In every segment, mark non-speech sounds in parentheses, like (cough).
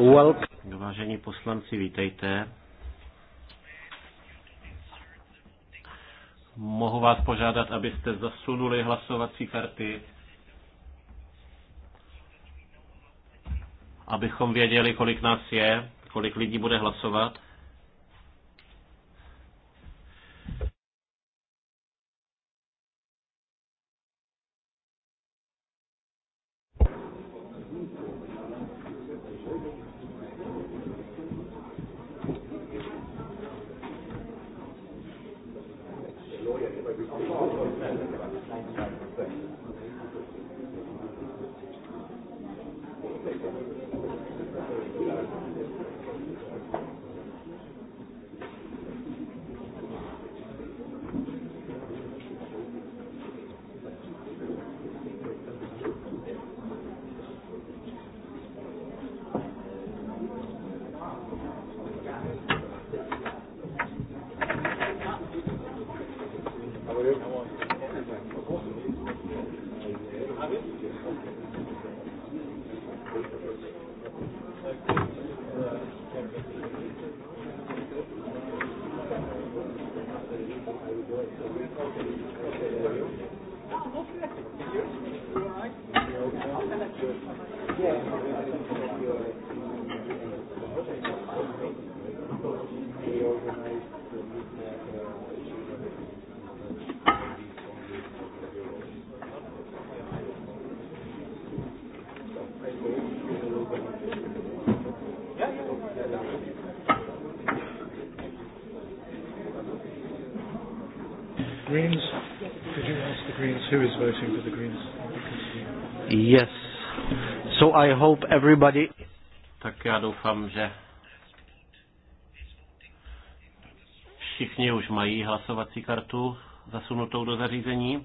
Welcome. Vážení poslanci, vítejte. Mohu vás požádat, abyste zasunuli hlasovací karty, abychom věděli, kolik nás je, kolik lidí bude hlasovat. I hope everybody... Tak já doufám, že všichni už mají hlasovací kartu zasunutou do zařízení.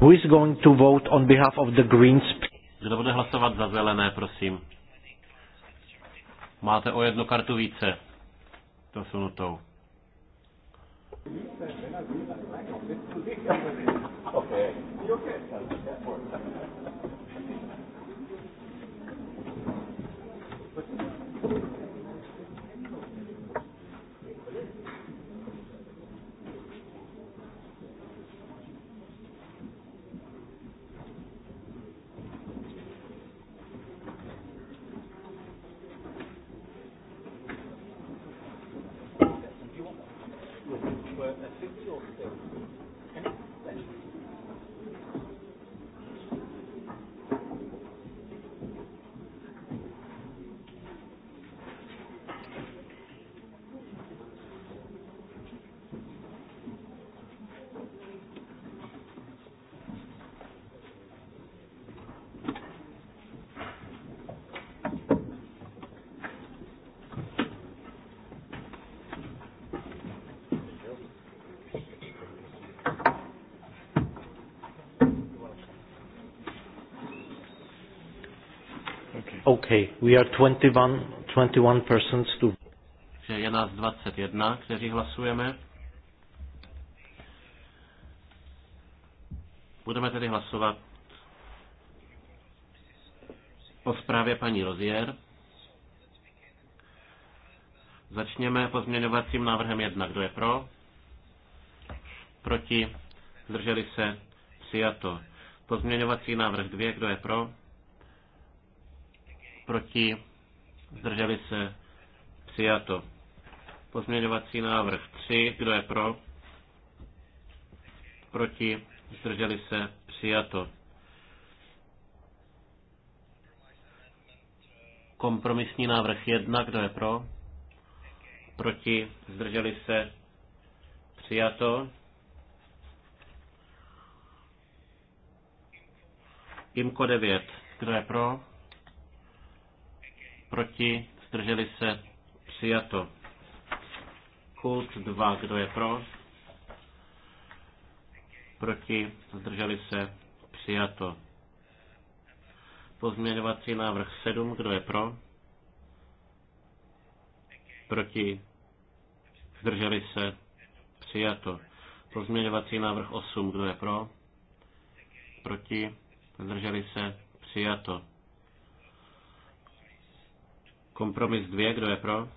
Who is going to vote on behalf of the Greens? Kdo bude hlasovat za zelené, prosím? Máte o jednu kartu více zasunutou. Okay. (laughs) You okay? Okay, we are 21, 21 persons to... Že je nás 21, kteří hlasujeme. Budeme tedy hlasovat o zprávě paní Rozier. Začněme pozměňovacím návrhem 1. Kdo je pro? Proti? Zdrželi se? Přijato. Pozměňovací návrh 2. Kdo je pro? proti, zdrželi se, přijato. Pozměňovací návrh 3, kdo je pro, proti, zdrželi se, přijato. Kompromisní návrh 1, kdo je pro, proti, zdrželi se, přijato. IMKO 9, kdo je pro, proti, zdrželi se, přijato. Kult 2, kdo je pro, proti, zdrželi se, přijato. Pozměňovací návrh 7, kdo je pro, proti, zdrželi se, přijato. Pozměňovací návrh 8, kdo je pro, proti, zdrželi se, přijato. Kompromis dvě, kdo je pro?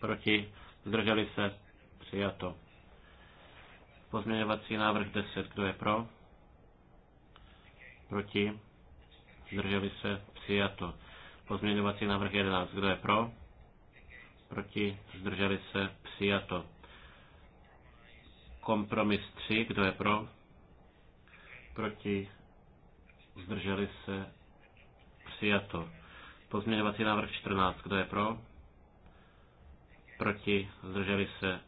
Proti? Zdrželi se? Přijato. Pozměňovací návrh 10, kdo je pro? Proti? Zdrželi se? Přijato. Pozměňovací návrh 11, kdo je pro? Proti? Zdrželi se? Přijato. Kompromis 3, kdo je pro? Proti? Zdrželi se? Přijato. Pozměňovací návrh 14. Kdo je pro? Proti? Zdrželi se?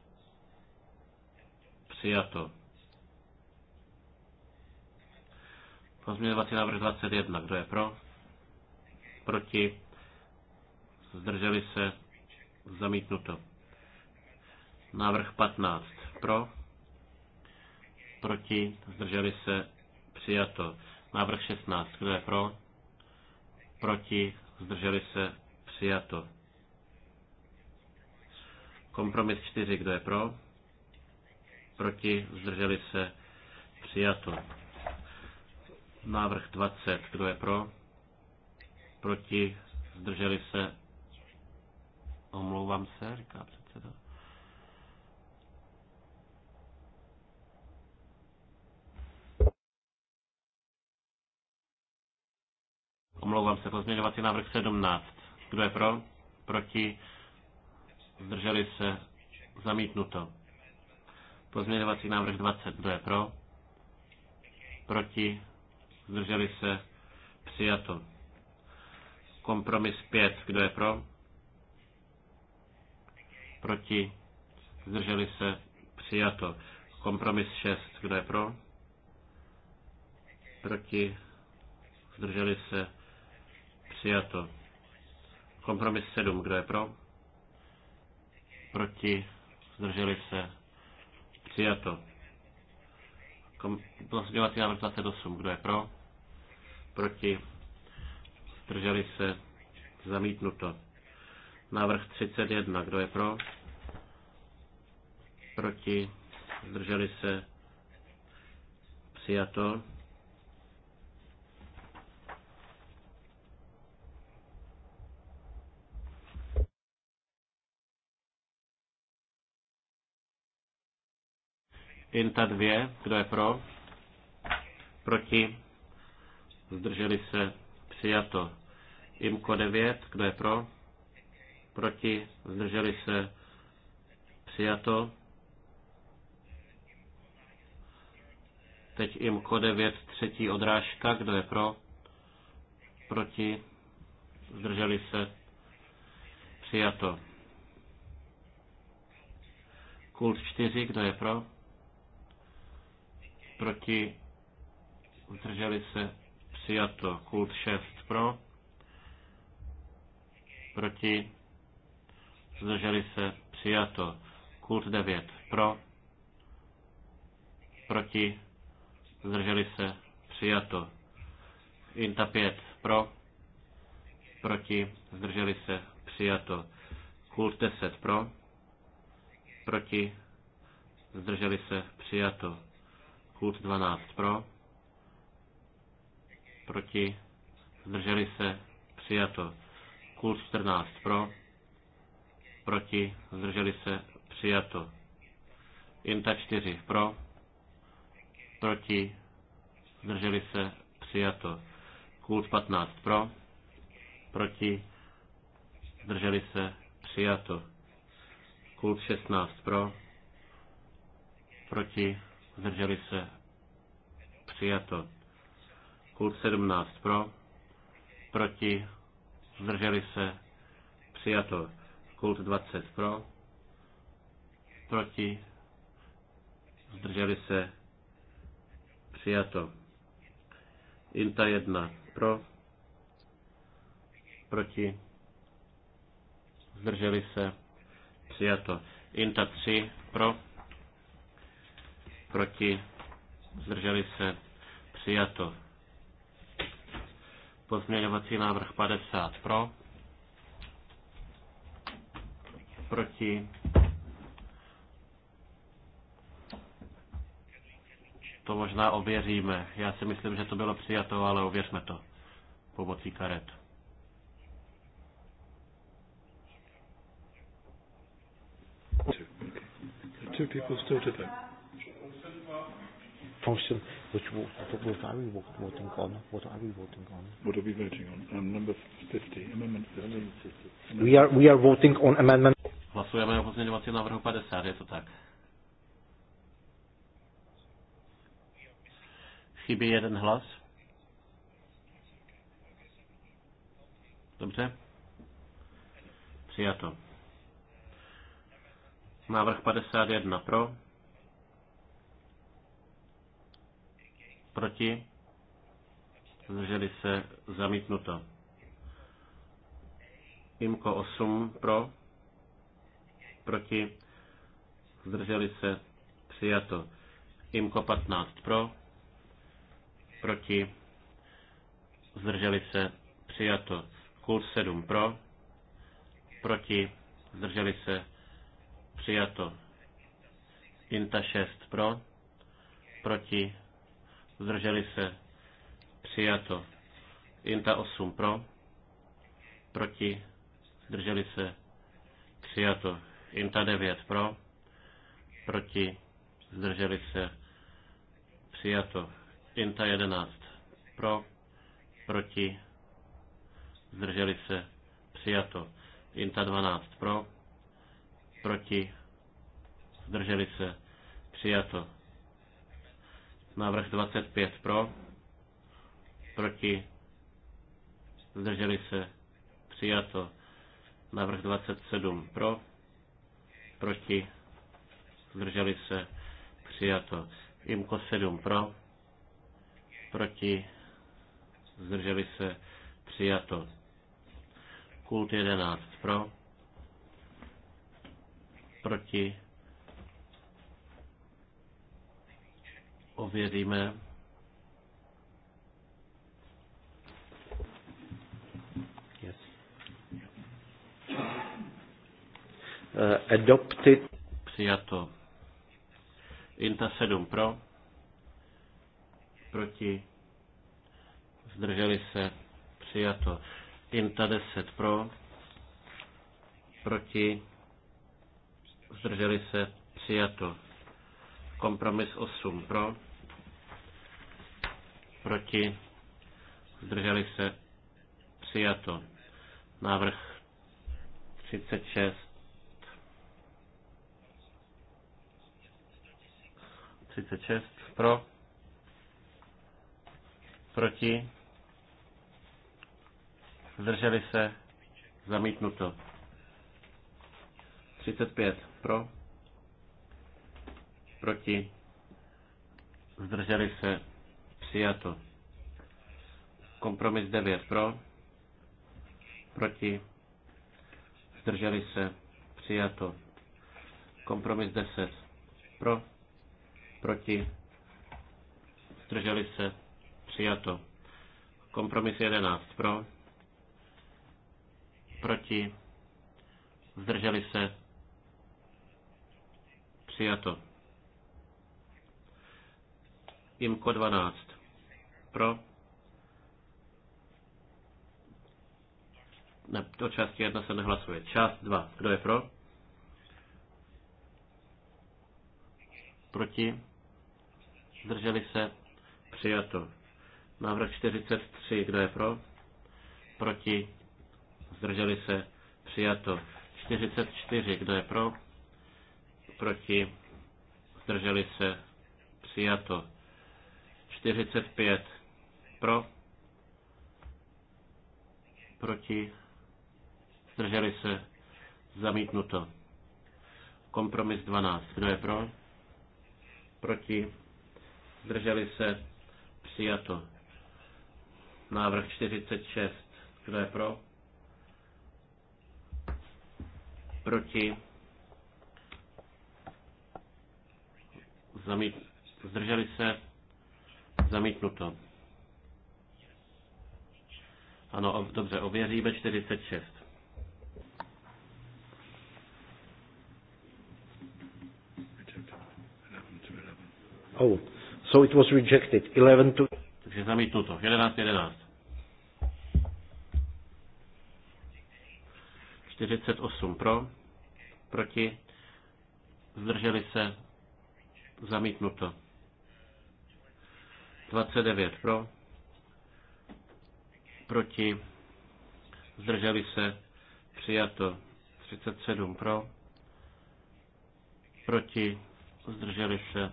Přijato. Pozměňovací návrh 21. Kdo je pro? Proti? Zdrželi se? Zamítnuto. Návrh 15. Pro? Proti? Zdrželi se? Přijato. Návrh 16. Kdo je pro? proti, zdrželi se, přijato. Kompromis 4, kdo je pro, proti, zdrželi se, přijato. Návrh 20, kdo je pro, proti, zdrželi se, omlouvám se, říká předseda. Omlouvám se, pozměňovací návrh 17. Kdo je pro? Proti? Zdrželi se? Zamítnuto. Pozměňovací návrh 20. Kdo je pro? Proti? Zdrželi se? Přijato. Kompromis 5. Kdo je pro? Proti? Zdrželi se? Přijato. Kompromis 6. Kdo je pro? Proti? Zdrželi se? Přijato. Kompromis 7. Kdo je pro? Proti? Zdrželi se? Přijato. Pozměňovací návrh 28. Kdo je pro? Proti? Zdrželi se? Zamítnuto. Návrh 31. Kdo je pro? Proti? Zdrželi se? Přijato. Inta 2, kdo je pro? Proti? Zdrželi se? Přijato. Imko 9, kdo je pro? Proti? Zdrželi se? Přijato. Teď Imko 9, třetí odrážka, kdo je pro? Proti? Zdrželi se? Přijato. Kult 4, kdo je pro? proti, zdrželi se, přijato. Kult 6 pro, proti, zdrželi se, přijato. Kult 9 pro, proti, zdrželi se, přijato. Inta 5 pro, proti, zdrželi se, přijato. Kult 10 pro, proti, zdrželi se, přijato. Kult 12 pro. Proti. Zdrželi se. Přijato. Kult 14 pro. Proti. Zdrželi se. Přijato. Inta 4 pro. Proti. Zdrželi se. Přijato. Kult 15 pro. Proti. Zdrželi se. Přijato. Kult 16 pro. Proti zdrželi se, přijato. Kult 17 pro, proti, zdrželi se, přijato. Kult 20 pro, proti, zdrželi se, přijato. Inta 1 pro, proti, zdrželi se, přijato. Inta 3 pro, proti, zdrželi se, přijato. Pozměňovací návrh 50 pro, proti, to možná ověříme. Já si myslím, že to bylo přijato, ale ověřme to pomocí karet. Two people still to function which what, are we voting on? What are we voting on? What are we voting on? Um, number 50, amendment 50. We are, we are voting on amendment. Hlasujeme o pozměňovacím návrhu 50, je to tak. Chybí jeden hlas. Dobře. Přijato. Návrh 51 pro. Proti? Zdrželi se zamítnuto. Imko 8 pro? Proti? Zdrželi se přijato. Imko 15 pro? Proti? Zdrželi se přijato. Kult 7 pro? Proti? Zdrželi se přijato. Inta 6 pro? Proti? zdrželi se, přijato. Inta 8 pro, proti, zdrželi se, přijato. Inta 9 pro, proti, zdrželi se, přijato. Inta 11 pro, proti, zdrželi se, přijato. Inta 12 pro, proti, zdrželi se, přijato. Návrh 25 pro. Proti. Zdrželi se. Přijato. Návrh 27 pro. Proti. Zdrželi se. Přijato. Imko 7 pro. Proti. Zdrželi se. Přijato. Kult 11 pro. Proti ověříme. Yes. Eh, adopted. Přijato. Inta 7 pro. Proti. Zdrželi se. Přijato. Inta 10 pro. Proti. Zdrželi se. Přijato. Kompromis 8 pro proti, zdrželi se, přijato. Návrh 36, 36 pro, proti, zdrželi se, zamítnuto. 35 pro, proti, zdrželi se, Přijato. Kompromis 9 pro. Proti. Zdrželi se. Přijato. Kompromis 10 pro. Proti. Zdrželi se. Přijato. Kompromis 11 pro. Proti. Zdrželi se. Přijato. Imko 12 pro. Ne, o části 1 se nehlasuje. Část 2. Kdo je pro? Proti? Zdrželi se? Přijato. Návrh 43. Kdo je pro? Proti? Zdrželi se? Přijato. 44. Kdo je pro? Proti? Zdrželi se? Přijato. 45 pro, proti, zdrželi se, zamítnuto. Kompromis 12, kdo je pro, proti, zdrželi se, přijato. Návrh 46, kdo je pro, proti, zamít, zdrželi se, zamítnuto. Ano, dobře, ověříme 46. Oh, so it was rejected. 11 to... Takže zamítnuto. 11, 11. 48 pro, proti, zdrželi se, zamítnuto. 29 pro, proti, zdrželi se, přijato 37 pro, proti, zdrželi se,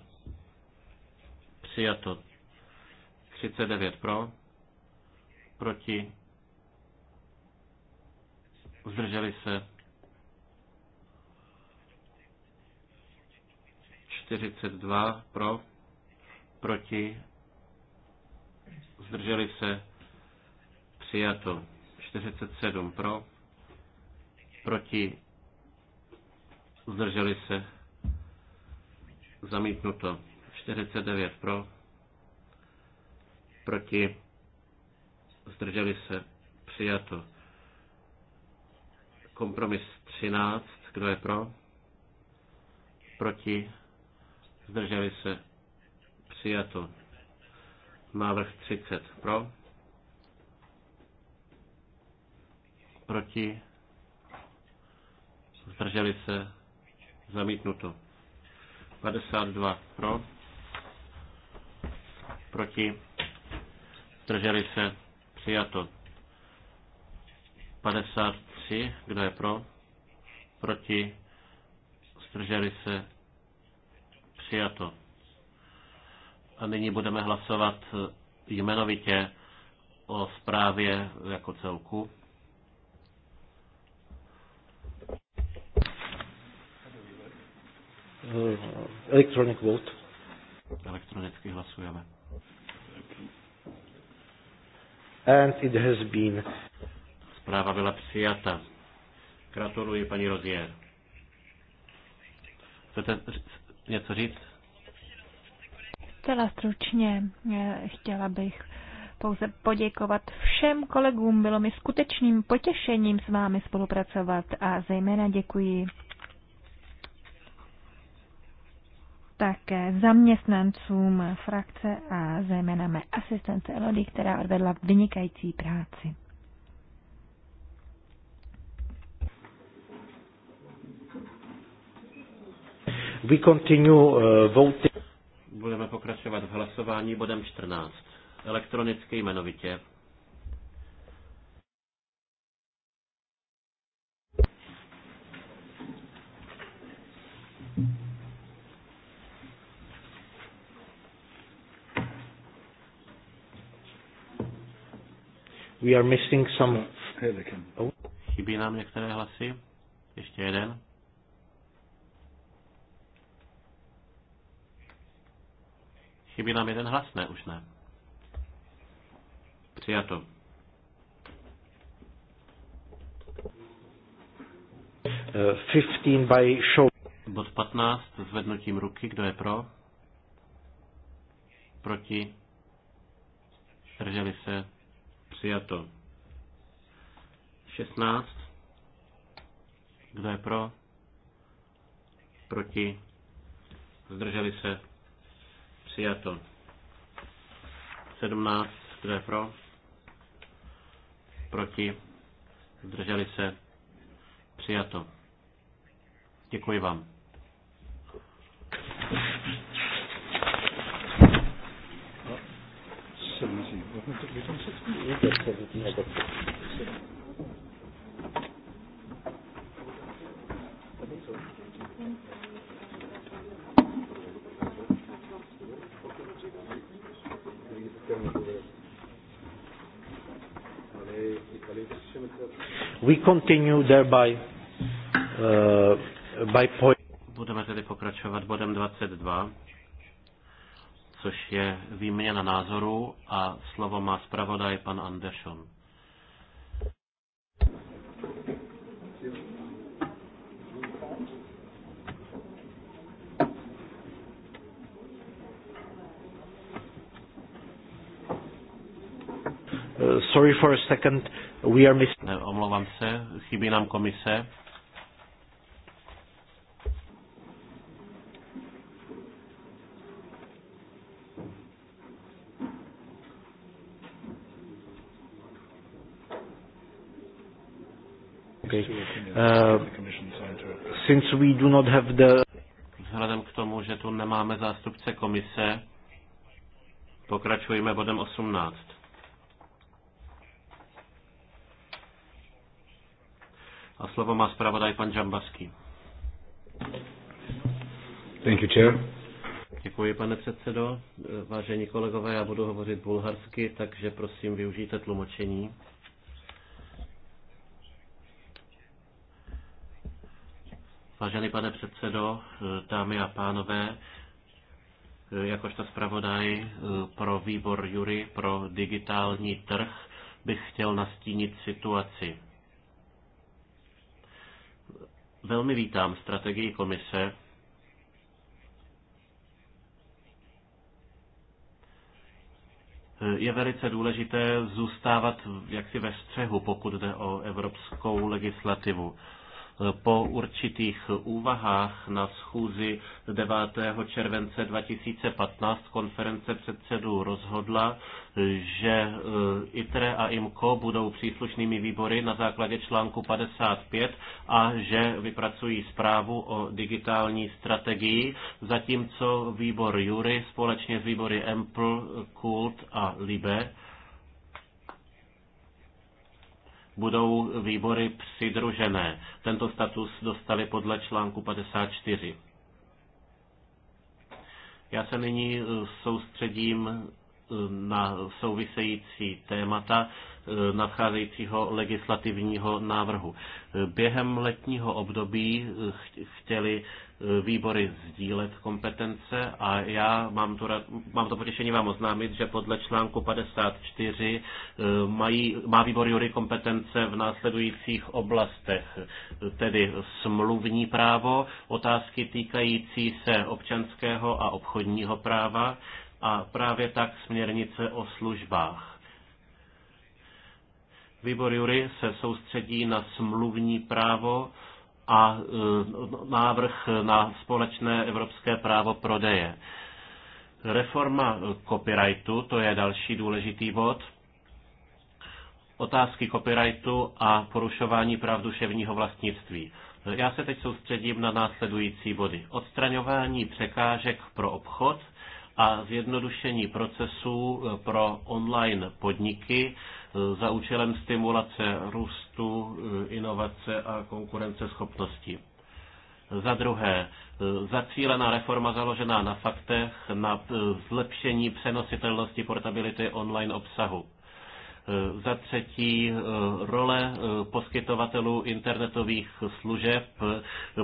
přijato 39 pro, proti, zdrželi se, 42 pro, proti, zdrželi se, Přijato. 47 pro. Proti. Zdrželi se. Zamítnuto. 49 pro. Proti. Zdrželi se. Přijato. Kompromis 13. Kdo je pro? Proti. Zdrželi se. Přijato. Návrh 30 pro. proti, zdrželi se, zamítnuto. 52 pro, proti, zdrželi se, přijato. 53, kdo je pro, proti, zdrželi se, přijato. A nyní budeme hlasovat jmenovitě o zprávě jako celku. Eh, electronic vote. Elektronicky hlasujeme. And it has been. Zpráva byla přijata. Gratuluji, paní Rozier. Chcete něco říct? Zcela stručně eh, chtěla bych pouze poděkovat všem kolegům. Bylo mi skutečným potěšením s vámi spolupracovat a zejména děkuji také zaměstnancům frakce a zejména mé asistence Elody, která odvedla vynikající práci. We continue, uh, voting. Budeme pokračovat v hlasování bodem 14. Elektronicky jmenovitě. We are missing some... Oh. Chybí nám některé hlasy? Ještě jeden. Chybí nám jeden hlas, ne? Už ne. Přijato. Uh, eh, 15 by show. Bod 15 zvednutím ruky. Kdo je pro? Proti? Drželi se? Přijato. 16. Kdo je pro? Proti? Zdrželi se? Přijato. 17. Kdo je pro? Proti? Zdrželi se? Přijato. Děkuji vám. We continue thereby uh, by point. Budeme tedy pokračovat bodem 22 což je výměna názorů a slovo má zpravodaj pan Anderson. Uh, sorry for a second, we are missing... Omlouvám se, chybí nám komise. Okay. Uh, since we do not have the... Vzhledem k tomu, že tu nemáme zástupce komise, pokračujeme bodem 18. A slovo má zpravodaj pan Džambaský. Thank you, chair. Děkuji, pane předsedo. Vážení kolegové, já budu hovořit bulharsky, takže prosím využijte tlumočení. Vážený pane předsedo, dámy a pánové, jakožto zpravodaj eh, pro výbor Jury pro digitální trh bych chtěl nastínit situaci. Velmi vítám strategii komise, je velice důležité zůstávat jaksi ve střehu, pokud jde o evropskou legislativu. Po určitých úvahách na schůzi 9. července 2015 konference předsedů rozhodla, že eh, ITRE a IMCO budou příslušnými výbory na základě článku 55 a že vypracují zprávu o digitální strategii, zatímco výbor Jury společně s výbory EMPL, KULT a LIBE budou výbory přidružené. Tento status dostali podle článku 54. Já se nyní soustředím Eh, na související témata eh, nadcházejícího legislativního návrhu. Eh, během letního období chtěli výbory sdílet kompetence a já mám tu, mám to potěšení vám oznámit, že podle článku 54 mají, má výbor jury kompetence v následujících oblastech, tedy smluvní právo, otázky týkající se občanského a obchodního práva, a právě tak směrnice o službách. Výbor Jury se soustředí na smluvní právo a e, návrh na společné evropské právo prodeje. Reforma copyrightu, to je další důležitý bod. Otázky copyrightu a porušování práv duševního vlastnictví. Já se teď soustředím na následující body. Odstraňování překážek pro obchod – a zjednodušení procesů eh, pro online podniky eh, za účelem stimulace růstu, eh, inovace a konkurenceschopnosti. Za druhé, zacílená reforma založená na faktech, na zlepšení přenositelnosti portability online obsahu. E, za třetí e, role e, poskytovatelů internetových služeb,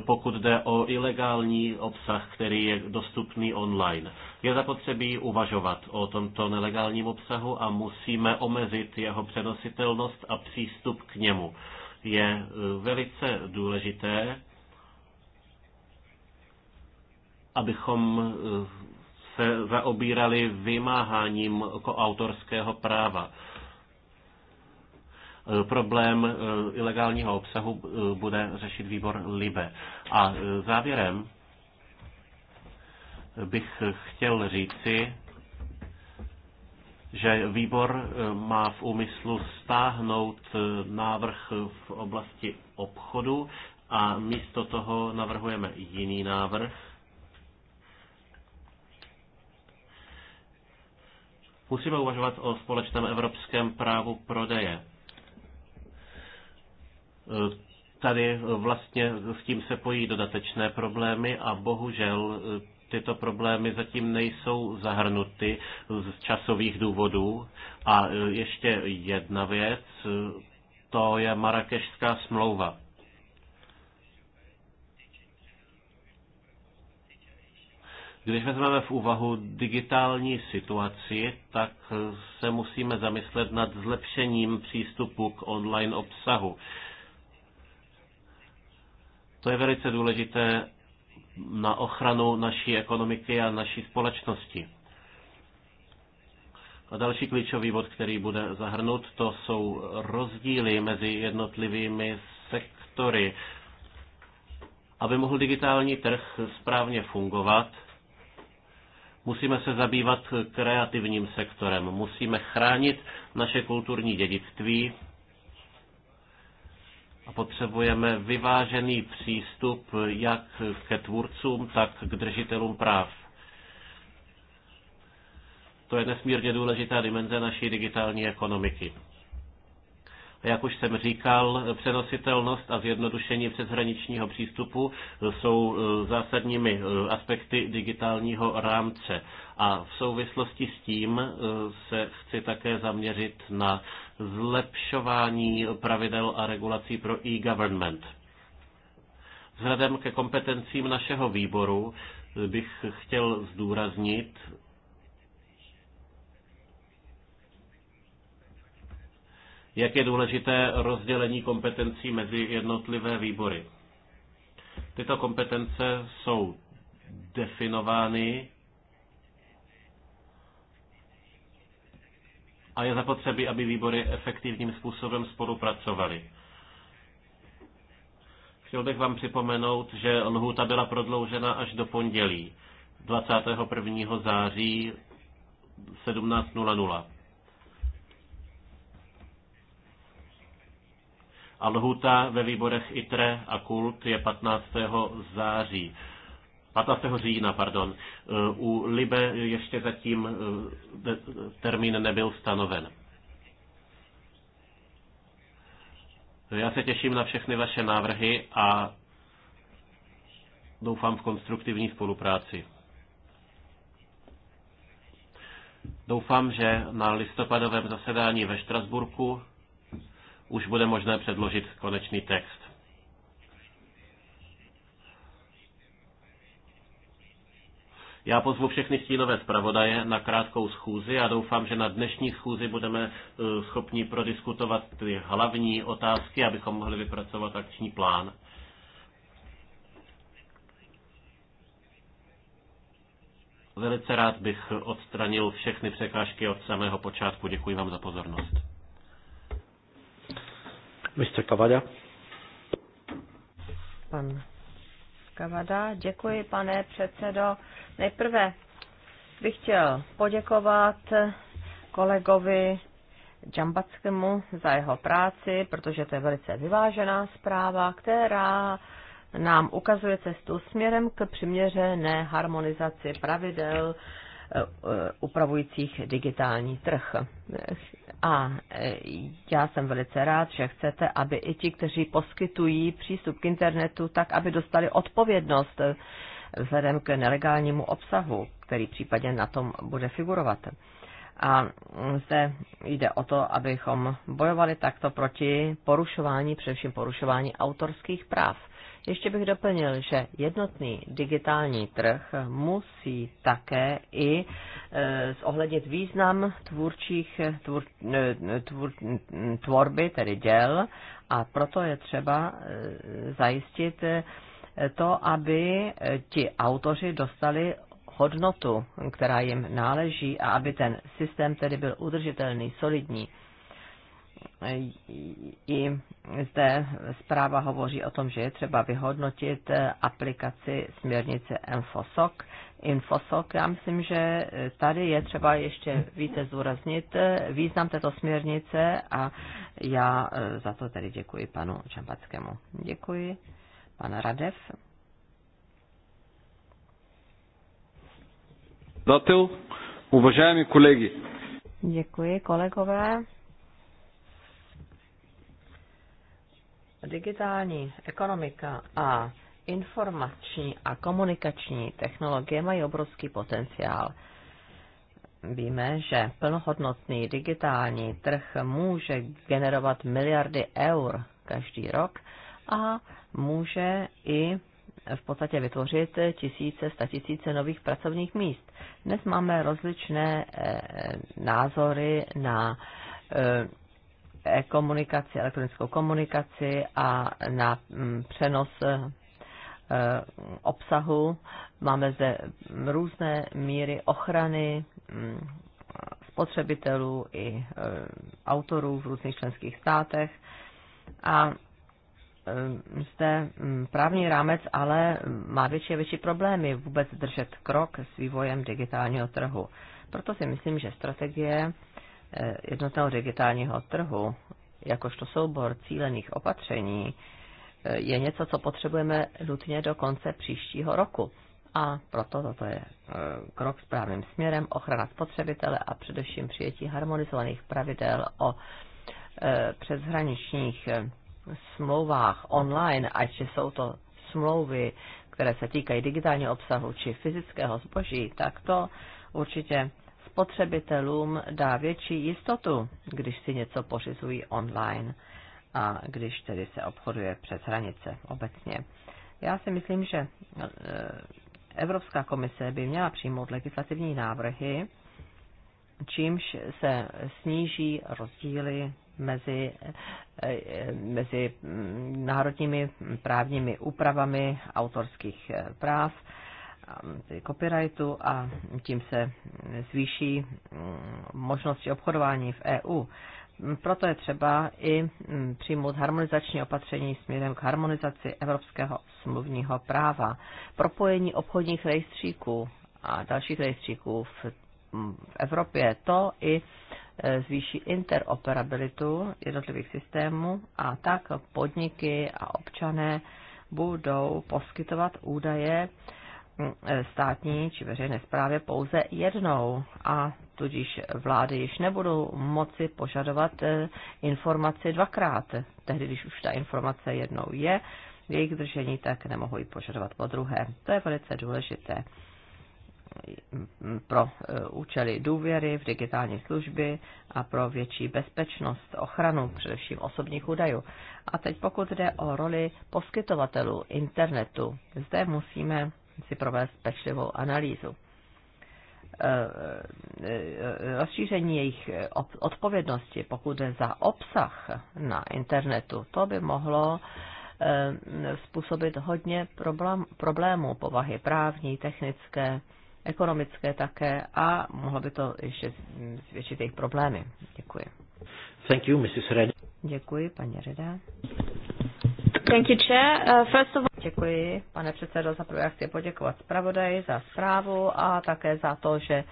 pokud jde o ilegální obsah, který je dostupný online. Je zapotřebí uvažovat o tomto nelegálním obsahu a musíme omezit jeho přenositelnost a přístup k němu. Je velice důležité, abychom se zaobírali vymáháním autorského práva Eh, problém eh, ilegálního obsahu eh, bude řešit výbor LIBE. A závěrem bych chtěl říci, že výbor má v úmyslu stáhnout návrh v oblasti obchodu a místo toho navrhujeme jiný návrh. Musíme uvažovat o společném evropském právu prodeje. Eh, tady eh, vlastně s tím se pojí dodatečné problémy a bohužel eh, tyto problémy zatím nejsou zahrnuty z časových důvodů. A ještě jedna věc, to je Marrakešská smlouva. Když vezmeme v úvahu digitální situaci, tak se musíme zamyslet nad zlepšením přístupu k online obsahu. To je velice důležité na ochranu naší ekonomiky a naší společnosti. A další klíčový bod, který bude zahrnut, to jsou rozdíly mezi jednotlivými sektory. Aby mohl digitální trh správně fungovat, musíme se zabývat kreativním sektorem. Musíme chránit naše kulturní dědictví, a potřebujeme vyvážený přístup jak ke tvůrcům, tak k držitelům práv. To je nesmírně důležitá dimenze naší digitální ekonomiky. A jak už jsem říkal, přenositelnost a zjednodušení přeshraničního přístupu jsou eh, zásadními eh, aspekty digitálního rámce. A v souvislosti s tím eh, se chci také zaměřit na zlepšování pravidel a regulací pro e-government. Vzhledem ke kompetencím našeho výboru bych chtěl zdůraznit, jak je důležité rozdělení kompetencí mezi jednotlivé výbory. Tyto kompetence jsou definovány a je zapotřebí, aby výbory efektivním způsobem spolupracovaly. Chtěl bych vám připomenout, že lhůta byla prodloužena až do pondělí 21. září 17.00. A lhůta ve výborech ITRE a KULT je 15. září. 15. října, pardon. Eh, u Libe ještě zatím eh, termín nebyl stanoven. Já se těším na všechny vaše návrhy a doufám v konstruktivní spolupráci. Doufám, že na listopadovém zasedání ve Štrasburku už bude možné předložit konečný text. Já pozvu všechny stínové zpravodaje na krátkou schůzi a doufám, že na dnešní schůzi budeme e, schopni prodiskutovat ty hlavní otázky, abychom mohli vypracovat akční plán. Velice rád bych odstranil všechny překážky od samého počátku. Děkuji vám za pozornost. Mr. Kavada. Pan Kavada. Děkuji, pane předsedo. Nejprve bych chtěl poděkovat kolegovi Džambackému za jeho práci, protože to je velice vyvážená zpráva, která nám ukazuje cestu směrem k přiměřené harmonizaci pravidel Eh, upravujících digitální trh. A eh, já jsem velice rád, že chcete, aby i ti, kteří poskytují přístup k internetu, tak aby dostali odpovědnost eh, vzhledem k nelegálnímu obsahu, který případně na tom bude figurovat. A mm, zde jde o to, abychom bojovali takto proti porušování, především porušování autorských práv ještě bych doplnil, že jednotný digitální trh musí také i e, zohlednit význam tvůrčích tvůr, e, tvůr, tvorby, tedy děl, a proto je třeba e, zajistit to, aby ti autoři dostali hodnotu, která jim náleží a aby ten systém tedy byl udržitelný, solidní i zde zpráva hovoří o tom, že je třeba vyhodnotit aplikaci směrnice Infosok. Infosok, já myslím, že tady je třeba ještě více zúraznit. význam této směrnice a já za to tedy děkuji panu Čampackému. Děkuji. Pan Radev. Datel, uvažajeme kolegy. Děkuji, kolegové. Digitální ekonomika a informační a komunikační technologie mají obrovský potenciál. Víme, že plnohodnotný digitální trh může generovat miliardy eur každý rok a může i v podstatě vytvořit tisíce, statisíce nových pracovních míst. Dnes máme rozličné eh, eh, názory na eh, komunikaci, elektronickou komunikaci a na mm, přenos e, obsahu. Máme zde různé míry ochrany mm, spotřebitelů i e, autorů v různých členských státech. A e, zde mm, právní rámec ale má větší a větší problémy vůbec držet krok s vývojem digitálního trhu. Proto si myslím, že strategie Eh, jednotného digitálního trhu, jakožto soubor cílených opatření, eh, je něco, co potřebujeme nutně do konce příštího roku. A proto toto je eh, krok správným směrem, ochrana spotřebitele a především přijetí harmonizovaných pravidel o přeshraničních smlouvách online, ať jsou to smlouvy, které se týkají digitálního obsahu či fyzického zboží, tak to určitě spotřebitelům dá větší jistotu, když si něco pořizují online a když tedy se obchoduje přes hranice obecně. Já si myslím, že eh, Evropská komise by měla přijmout legislativní návrhy, čímž se sníží rozdíly mezi, eh, mezi mm, národními právními úpravami autorských eh, práv Um, copyrightu a tím se zvýší mm, možnosti obchodování v EU. Proto je třeba i mm, přijmout harmonizační opatření směrem k harmonizaci evropského smluvního práva, propojení obchodních rejstříků a dalších rejstříků v, mm, v Evropě. To i e, zvýší interoperabilitu jednotlivých systémů a tak podniky a občané budou poskytovat údaje E, státní či veřejné zprávě pouze jednou a tudíž vlády již nebudou moci požadovat e, informaci dvakrát. Tehdy, když už ta informace jednou je v jejich držení, tak nemohou ji požadovat po druhé. To je velice důležité pro e, účely důvěry v digitální služby a pro větší bezpečnost, ochranu především osobních údajů. A teď pokud jde o roli poskytovatelů internetu, zde musíme si provést pečlivou analýzu. E, e, e, rozšíření jejich odpovědnosti, pokud je za obsah na internetu, to by mohlo způsobit hodně problémů povahy právní, technické, ekonomické také a mohlo by to ještě zvětšit jejich problémy. Děkuji. Thank you, Mrs. Reda. Děkuji, paní Reda. Thank uh, first of all... Děkuji, pane předsedo, za prvé chci poděkovat zpravodaji za zprávu a také za to, že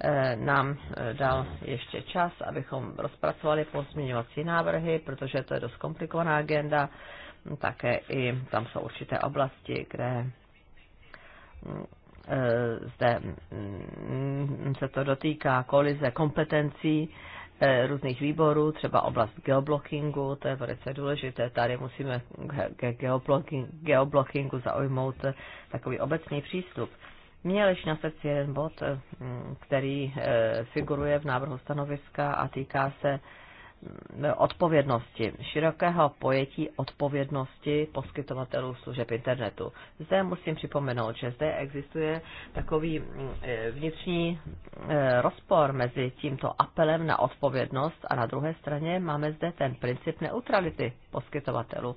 eh, nám eh, dal ještě čas, abychom rozpracovali pozměňovací návrhy, protože to je dost komplikovaná agenda. Také i tam jsou určité oblasti, kde eh, zde mm, se to dotýká kolize kompetencí E, různých výborů, třeba oblast geoblockingu, to je velice důležité. Tady musíme ke geoblockingu zaujmout takový obecný přístup. Měl leží na srdci jeden bod, který e, figuruje v návrhu stanoviska a týká se Eh, odpovědnosti, širokého pojetí odpovědnosti poskytovatelů služeb internetu. Zde musím připomenout, že zde existuje takový mm, eh, vnitřní eh, rozpor mezi tímto apelem na odpovědnost a na druhé straně máme zde ten princip neutrality poskytovatelů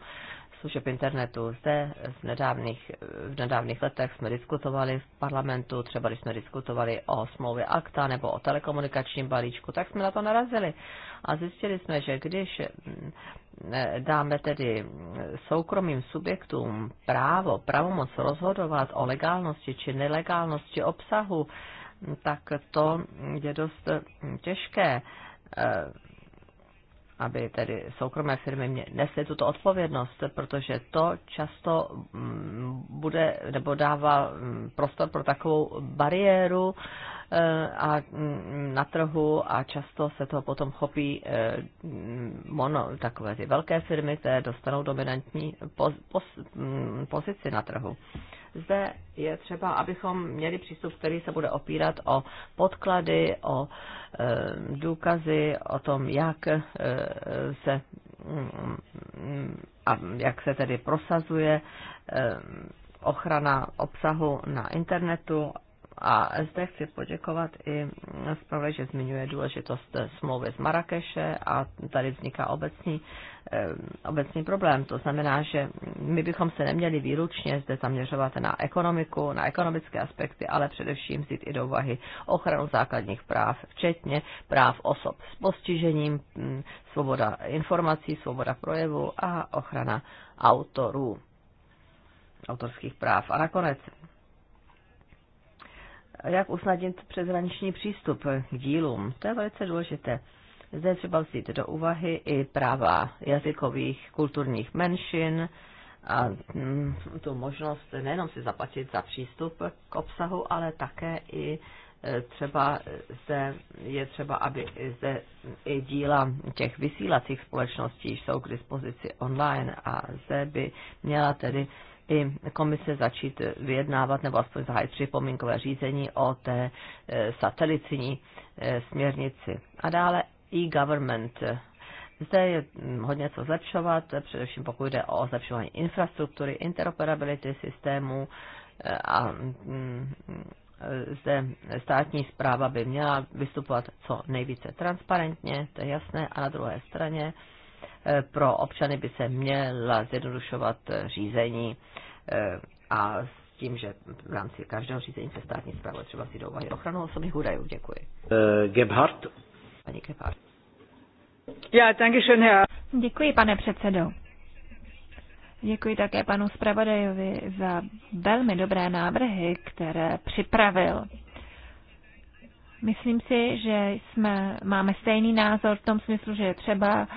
služeb internetu. Zde v nedávných, v nedávných letech jsme diskutovali v parlamentu, třeba když jsme diskutovali o smlouvě akta nebo o telekomunikačním balíčku, tak jsme na to narazili a zjistili jsme, že když mm, eh, dáme tedy soukromým subjektům právo, pravomoc rozhodovat o legálnosti či nelegálnosti obsahu, tak to je dost mm, těžké eh, aby tedy soukromé firmy nesly tuto odpovědnost, protože to často mm, bude nebo dává mm, prostor pro takovou bariéru eh, a mm, na trhu a často se to potom chopí eh, mono, takové ty velké firmy, které dostanou dominantní poz, poz, pozici na trhu. Zde je třeba, abychom měli přístup, který se bude opírat o podklady, o eh, důkazy, o tom, jak eh, se mm, a jak se tedy prosazuje eh, ochrana obsahu na internetu a zde chci poděkovat i zprávě, že zmiňuje důležitost smlouvy z Marrakeše a tady vzniká obecný, eh, obecný problém. To znamená, že my bychom se neměli výručně zde zaměřovat na ekonomiku, na ekonomické aspekty, ale především vzít i do úvahy ochranu základních práv, včetně práv osob s postižením, hm, svoboda informací, svoboda projevu a ochrana autorů autorských práv. A nakonec jak usnadnit přeshraniční přístup k dílům. To je velice důležité. Zde je třeba vzít do úvahy i práva jazykových kulturních menšin a mm, tu možnost nejenom si zaplatit za přístup k obsahu, ale také i e, třeba zde je třeba, aby zde i díla těch vysílacích společností jsou k dispozici online a zde by měla tedy i komise začít vyjednávat nebo aspoň zahájit připomínkové řízení o té e, satelitní e, směrnici. A dále e-government. Zde je hodně co zlepšovat, především pokud jde o zlepšování infrastruktury, interoperability systému e, a zde státní zpráva by měla vystupovat co nejvíce transparentně, to je jasné, a na druhé straně pro občany by se měla zjednodušovat eh, řízení eh, a s tím, že v rámci každého řízení se státní zpráva třeba si dovolí ochranu osobních údajů. Děkuji. Eh, Gebhardt. Pani Gebhardt. Já, dankeschön, Herr. Děkuji, pane předsedo. Děkuji také panu zpravodajovi za velmi dobré návrhy, které připravil. Myslím si, že jsme, máme stejný názor v tom smyslu, že je třeba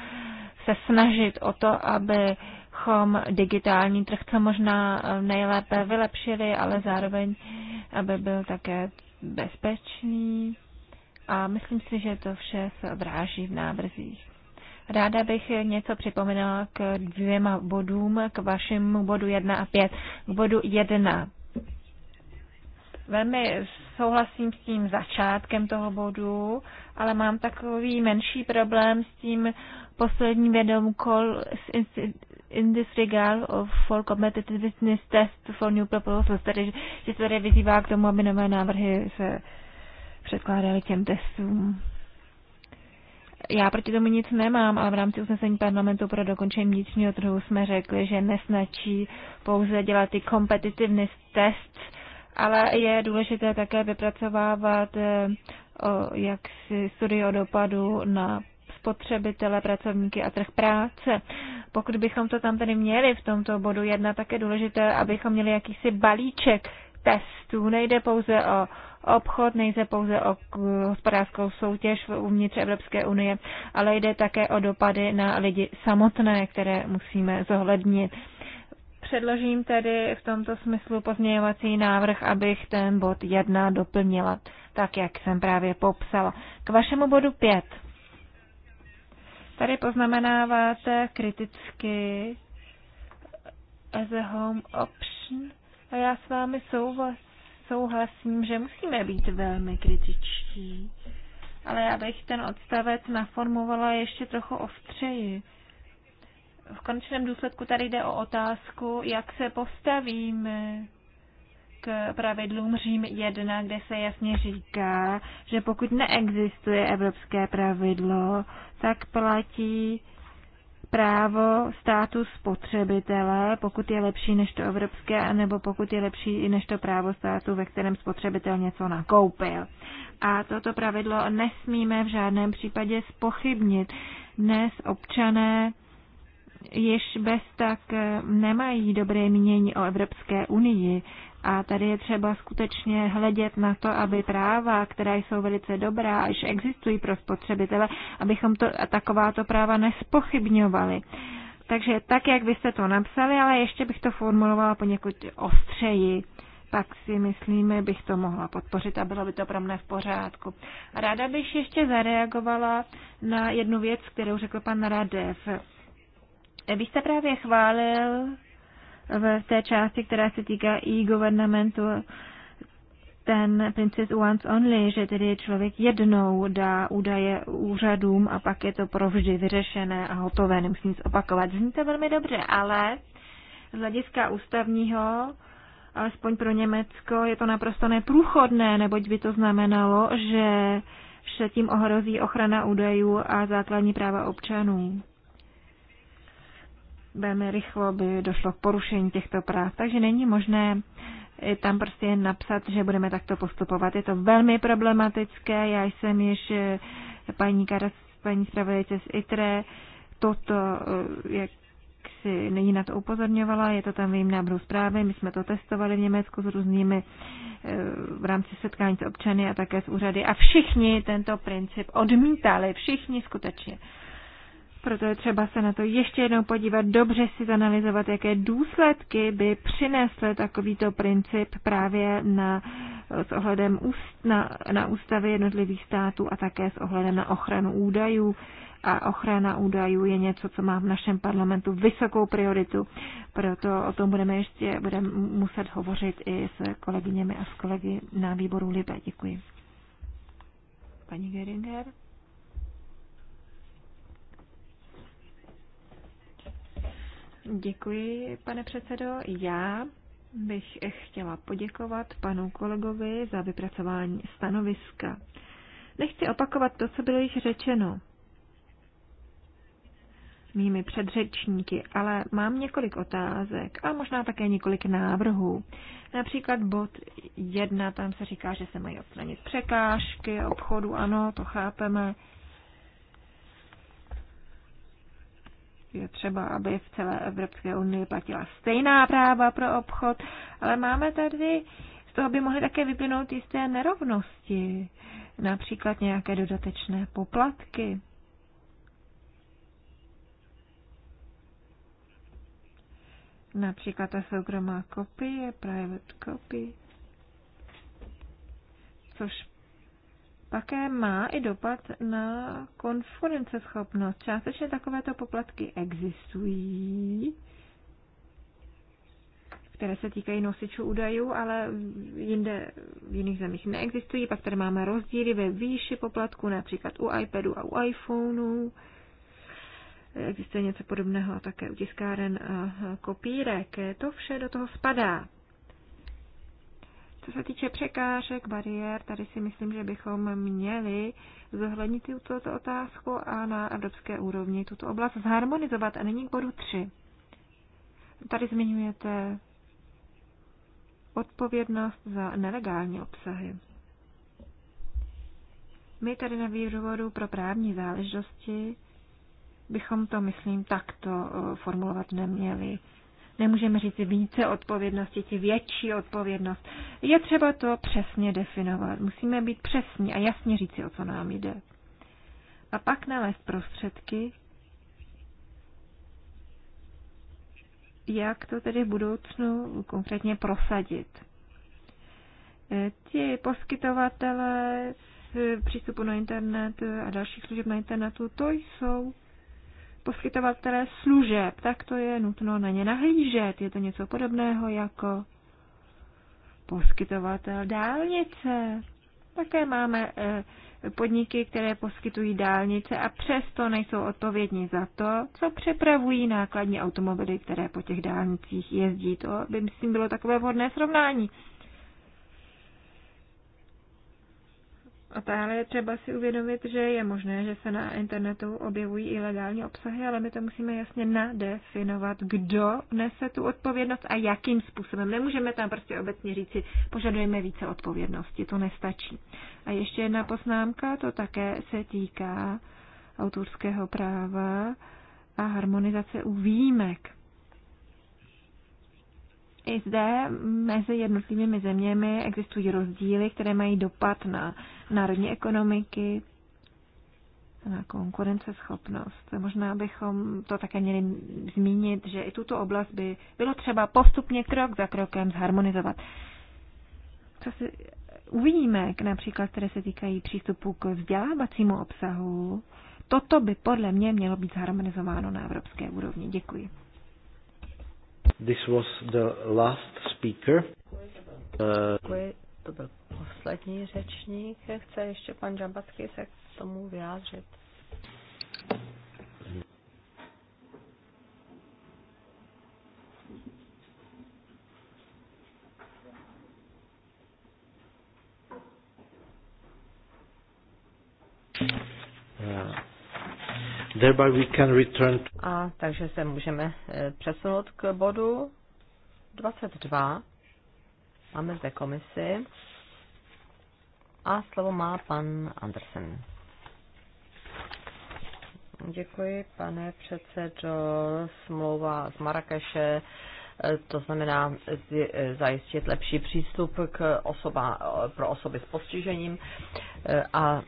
se snažit o to, abychom digitální trh co možná eh, nejlépe vylepšili, ale zároveň, aby byl také bezpečný. A myslím si, že to vše se odráží v návrzích. Ráda bych něco připomněla k dvěma bodům, k vašemu bodu 1 a 5. K bodu 1. Velmi souhlasím s tím začátkem toho bodu, ale mám takový menší problém s tím posledním vědomu call in this regard of for competitiveness test for new proposals, tedy že se tady vyzývá k tomu, aby nové návrhy se předkládaly těm testům. Já proti tomu nic nemám, ale v rámci usnesení parlamentu pro dokončení vnitřního trhu jsme řekli, že nesnačí pouze dělat ty competitiveness tests, ale je důležité také vypracovávat eh, jaksi studii o dopadu na spotřebitele, pracovníky a trh práce. Pokud bychom to tam tedy měli v tomto bodu jedna, tak je důležité, abychom měli jakýsi balíček testů. Nejde pouze o obchod, nejde pouze o hospodářskou soutěž uvnitř Evropské unie, ale jde také o dopady na lidi samotné, které musíme zohlednit. Předložím tedy v tomto smyslu pozměňovací návrh, abych ten bod 1 doplnila, tak jak jsem právě popsala. K vašemu bodu 5. Tady poznamenáváte kriticky as a home option a já s vámi souhlas, souhlasím, že musíme být velmi kritičtí. Ale já bych ten odstavec naformovala ještě trochu ostřeji v konečném důsledku tady jde o otázku, jak se postavíme k pravidlům Řím 1, kde se jasně říká, že pokud neexistuje evropské pravidlo, tak platí právo státu spotřebitele, pokud je lepší než to evropské, nebo pokud je lepší než to právo státu, ve kterém spotřebitel něco nakoupil. A toto pravidlo nesmíme v žádném případě spochybnit. Dnes občané již bez tak eh, nemají dobré mínění o Evropské unii. A tady je třeba skutečně hledět na to, aby práva, která jsou velice dobrá a již existují pro spotřebitele, abychom to, takováto práva nespochybňovali. Takže tak, jak byste to napsali, ale ještě bych to formulovala poněkud ostřeji pak si myslíme, bych to mohla podpořit a bylo by to pro mne v pořádku. Ráda bych ještě zareagovala na jednu věc, kterou řekl pan Radev. Vy jste právě chválil v té části, která se týká e-governmentu, ten princip once only, že tedy člověk jednou dá údaje úřadům a pak je to provždy vyřešené a hotové, nemusí nic opakovat. Zní to velmi dobře, ale z hlediska ústavního, alespoň pro Německo, je to naprosto neprůchodné, neboť by to znamenalo, že se tím ohrozí ochrana údajů a základní práva občanů velmi rychlo by došlo k porušení těchto práv, takže není možné tam prostě jen napsat, že budeme takto postupovat. Je to velmi problematické, já jsem již eh, paní Karas, paní zpravodajce z ITRE, toto, eh, jak si není na to upozorňovala, je to tam v jejím zprávy, my jsme to testovali v Německu s různými eh, v rámci setkání s občany a také s úřady a všichni tento princip odmítali, všichni skutečně. Proto je třeba se na to ještě jednou podívat, dobře si zanalizovat, jaké důsledky by přinesl takovýto princip právě na, s ohledem úst, na, na ústavy jednotlivých států a také s ohledem na ochranu údajů. A ochrana údajů je něco, co má v našem parlamentu vysokou prioritu. Proto o tom budeme ještě budeme muset hovořit i s kolegyněmi a s kolegy na výboru Libe. Děkuji. Paní Geringer? Děkuji, pane předsedo. Já bych chtěla poděkovat panu kolegovi za vypracování stanoviska. Nechci opakovat to, co bylo již řečeno mými předřečníky, ale mám několik otázek a možná také několik návrhů. Například bod 1, tam se říká, že se mají odstranit překážky obchodu, ano, to chápeme. je třeba, aby v celé Evropské unii platila stejná práva pro obchod, ale máme tady, z toho by mohly také vyplynout jisté nerovnosti, například nějaké dodatečné poplatky. Například ta soukromá kopie, private copy, což také má i dopad na konkurenceschopnost. Částečně takovéto poplatky existují, které se týkají nosičů údajů, ale jinde, v jiných zemích neexistují. Pak tady máme rozdíly ve výši poplatku, například u iPadu a u iPhoneu. Existuje něco podobného také u tiskáren a kopírek. To vše do toho spadá. Co se týče překážek, bariér, tady si myslím, že bychom měli zohlednit tuto otázku a na evropské úrovni tuto oblast zharmonizovat. A nyní k bodu 3. Tady zmiňujete odpovědnost za nelegální obsahy. My tady na výrovodu pro právní záležitosti bychom to, myslím, takto eh, formulovat neměli nemůžeme říct více odpovědnosti, či větší odpovědnost. Je třeba to přesně definovat. Musíme být přesní a jasně říci, o co nám jde. A pak nalézt prostředky, jak to tedy v budoucnu konkrétně prosadit. E, ti poskytovatele přístupu na internet a dalších služeb na internetu, to jsou poskytovatele služeb, tak to je nutno na ně nahlížet. Je to něco podobného jako poskytovatel dálnice. Také máme eh, podniky, které poskytují dálnice a přesto nejsou odpovědní za to, co přepravují nákladní automobily, které po těch dálnicích jezdí. To by, myslím, bylo takové vhodné srovnání. Ale je třeba si uvědomit, že je možné, že se na internetu objevují i legální obsahy, ale my to musíme jasně nadefinovat, kdo nese tu odpovědnost a jakým způsobem. Nemůžeme tam prostě obecně říci, požadujeme více odpovědnosti, to nestačí. A ještě jedna poznámka, to také se týká autorského práva a harmonizace u výjimek. I zde mezi jednotlivými zeměmi existují rozdíly, které mají dopad na národní ekonomiky, na konkurenceschopnost. Možná bychom to také měli zmínit, že i tuto oblast by bylo třeba postupně krok za krokem zharmonizovat. Co si uvidíme, například, které se týkají přístupu k vzdělávacímu obsahu, toto by podle mě mělo být zharmonizováno na evropské úrovni. Děkuji. This was the last speaker. to byl poslední řečník. Chce ještě pan Džambacký se k tomu vyjádřit. Thereby we can return to... A takže se můžeme eh, přesunout k bodu 22. Máme zde komisi. A slovo má pan Andersen. Děkuji, pane předsedo. Smlouva z Marrakeše, eh, to znamená eh, zajistit lepší přístup k osoba, pro osoby s postižením a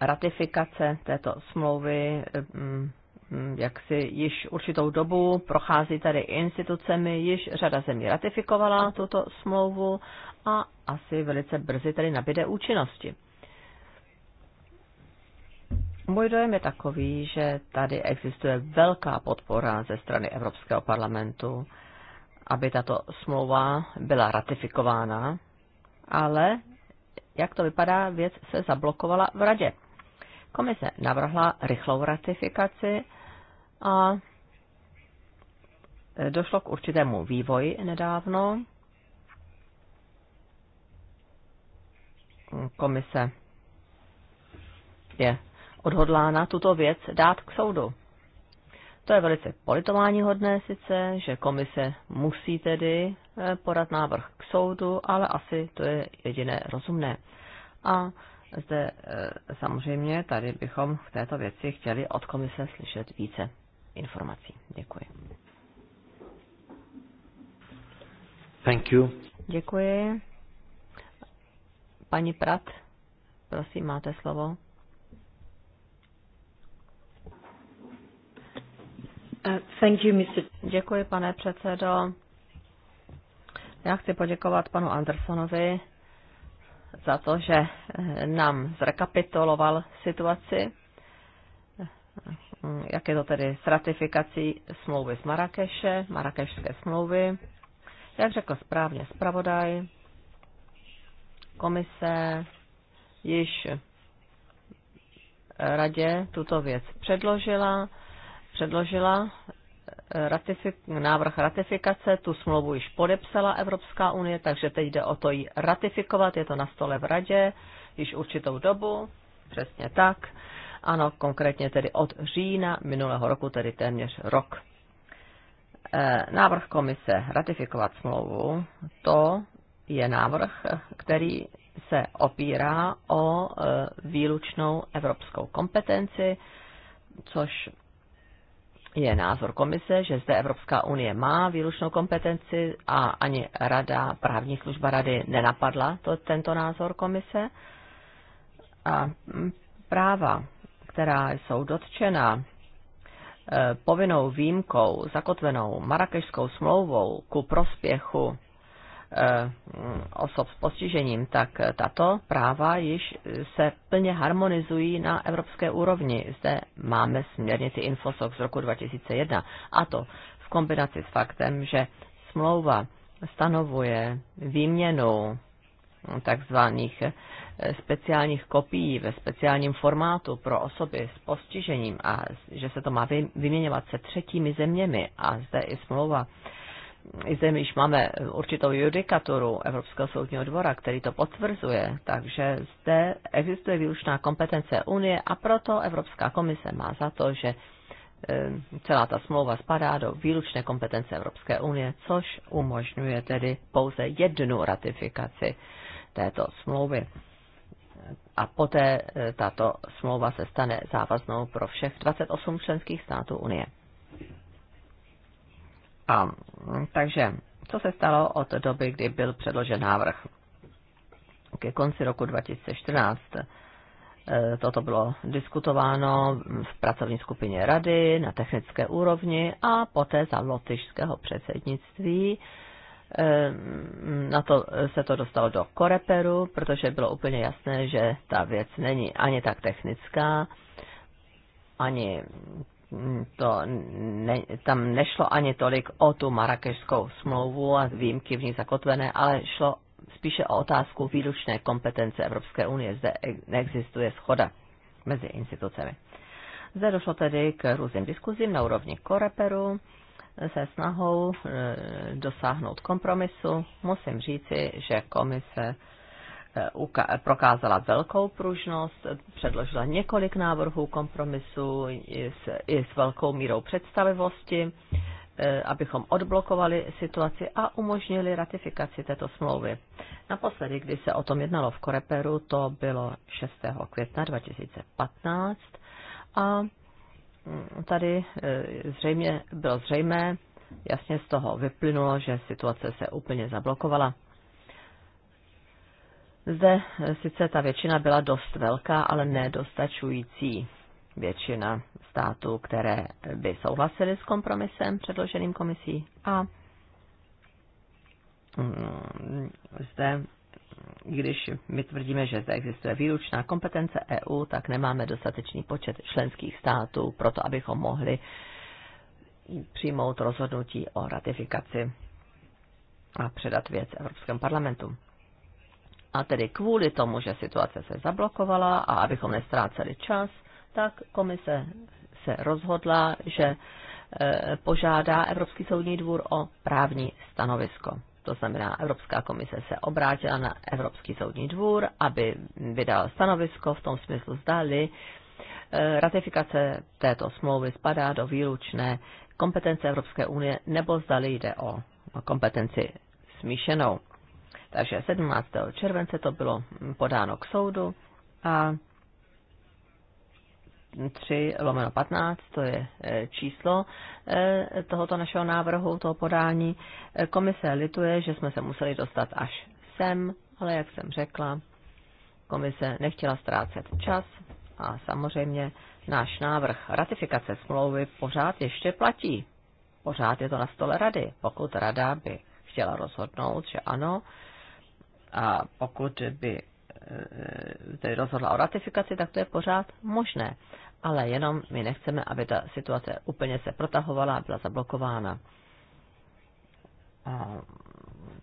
ratifikace této smlouvy mm, mm, jak si již určitou dobu prochází tady institucemi, již řada zemí ratifikovala tuto smlouvu a asi velice brzy tady nabíde účinnosti. Můj dojem je takový, že tady existuje velká podpora ze strany Evropského parlamentu, aby tato smlouva byla ratifikována, ale jak to vypadá, věc se zablokovala v radě. Komise navrhla rychlou ratifikaci a e, došlo k určitému vývoji nedávno. Komise je odhodlána tuto věc dát k soudu. To je velice politování hodné sice, že komise musí tedy eh, podat návrh k soudu, ale asi to je jediné rozumné. A zde eh, samozřejmě tady bychom v této věci chtěli od komise slyšet více informací. Děkuji. Thank you. Děkuji. Paní Prat, prosím, máte slovo. Uh, Děkuji, pane předsedo. Já chci poděkovat panu Andersonovi za to, že eh, nám zrekapituloval situaci, eh, jak je to tedy s ratifikací smlouvy z Marrakeše, Marrakešské smlouvy. Jak řekl správně zpravodaj, komise již radě tuto věc předložila předložila eh, ratifik- návrh ratifikace, tu smlouvu již podepsala Evropská unie, takže teď jde o to ji ratifikovat, je to na stole v radě již určitou dobu, přesně tak. Ano, konkrétně tedy od října minulého roku, tedy téměř rok. Eh, návrh komise ratifikovat smlouvu, to je návrh, který se opírá o eh, výlučnou evropskou kompetenci, což je názor komise, že zde Evropská unie má výlučnou kompetenci a ani rada, právní služba rady nenapadla to, tento názor komise. A mm, práva, která jsou dotčena e, povinnou výjimkou zakotvenou marakešskou smlouvou ku prospěchu Eh, osob s postižením, tak tato práva již se plně harmonizují na evropské úrovni. Zde máme směrnici Infosoc z roku 2001 a to v kombinaci s faktem, že smlouva stanovuje výměnu takzvaných eh, speciálních kopií ve speciálním formátu pro osoby s postižením a že se to má vyměňovat se třetími zeměmi a zde i smlouva i zde již máme určitou judikaturu Evropského soudního dvora, který to potvrzuje, takže zde existuje výlučná kompetence Unie a proto Evropská komise má za to, že eh, celá ta smlouva spadá do výlučné kompetence Evropské unie, což umožňuje tedy pouze jednu ratifikaci této smlouvy. A poté eh, tato smlouva se stane závaznou pro všech 28 členských států Unie. A mm, takže, co se stalo od doby, kdy byl předložen návrh? Ke konci roku 2014 eh, toto bylo diskutováno v pracovní skupině rady na technické úrovni a poté za lotyšského předsednictví eh, na to se to dostalo do koreperu, protože bylo úplně jasné, že ta věc není ani tak technická, ani to ne, tam nešlo ani tolik o tu marakešskou smlouvu a výjimky v ní zakotvené, ale šlo spíše o otázku výlučné kompetence Evropské unie. Zde e, neexistuje schoda mezi institucemi. Zde došlo tedy k různým diskuzím na úrovni koreperu se snahou e, dosáhnout kompromisu. Musím říci, že komise Eh, prokázala velkou pružnost, předložila několik návrhů kompromisu i s, i s velkou mírou představivosti, eh, abychom odblokovali situaci a umožnili ratifikaci této smlouvy. Naposledy, kdy se o tom jednalo v Koreperu, to bylo 6. května 2015 a mm, tady eh, zřejmě bylo zřejmé, jasně z toho vyplynulo, že situace se úplně zablokovala. Zde eh, sice ta většina byla dost velká, ale nedostačující většina států, které by souhlasily s kompromisem předloženým komisí a mm, zde, když my tvrdíme, že zde existuje výlučná kompetence EU, tak nemáme dostatečný počet členských států pro to, abychom mohli přijmout rozhodnutí o ratifikaci a předat věc Evropskému parlamentu. A tedy kvůli tomu, že situace se zablokovala a abychom nestráceli čas, tak komise se rozhodla, že e, požádá Evropský soudní dvůr o právní stanovisko. To znamená, Evropská komise se obrátila na Evropský soudní dvůr, aby vydal stanovisko v tom smyslu zdali, e, ratifikace této smlouvy spadá do výlučné kompetence Evropské unie nebo zdali jde o kompetenci smíšenou. Takže 17. července to bylo podáno k soudu a 3 lomeno 15, to je e, číslo e, tohoto našeho návrhu, toho podání. E, komise lituje, že jsme se museli dostat až sem, ale jak jsem řekla, komise nechtěla ztrácet čas a samozřejmě náš návrh ratifikace smlouvy pořád ještě platí. Pořád je to na stole rady. Pokud rada by chtěla rozhodnout, že ano, a pokud by e, tedy rozhodla o ratifikaci, tak to je pořád možné. Ale jenom my nechceme, aby ta situace úplně se protahovala a byla zablokována. A,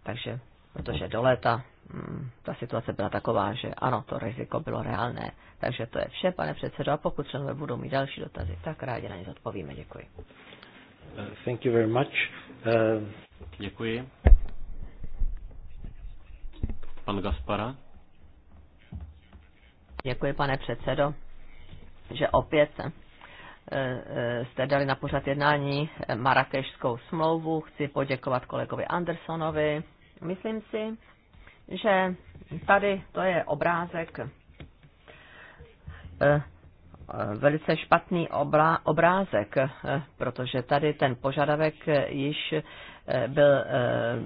takže, protože do léta mm, ta situace byla taková, že ano, to riziko bylo reálné. Takže to je vše, pane předsedo, a pokud členové budou mít další dotazy, tak rádi na ně zodpovíme. Děkuji. Thank you very much. Uh... Děkuji. Pan Gaspara. Děkuji, pane předsedo, že opět eh, eh, jste dali na pořad jednání eh, Marrakešskou smlouvu. Chci poděkovat kolegovi Andersonovi. Myslím si, že tady to je obrázek, velice špatný obrázek, protože tady ten požadavek již byl eh,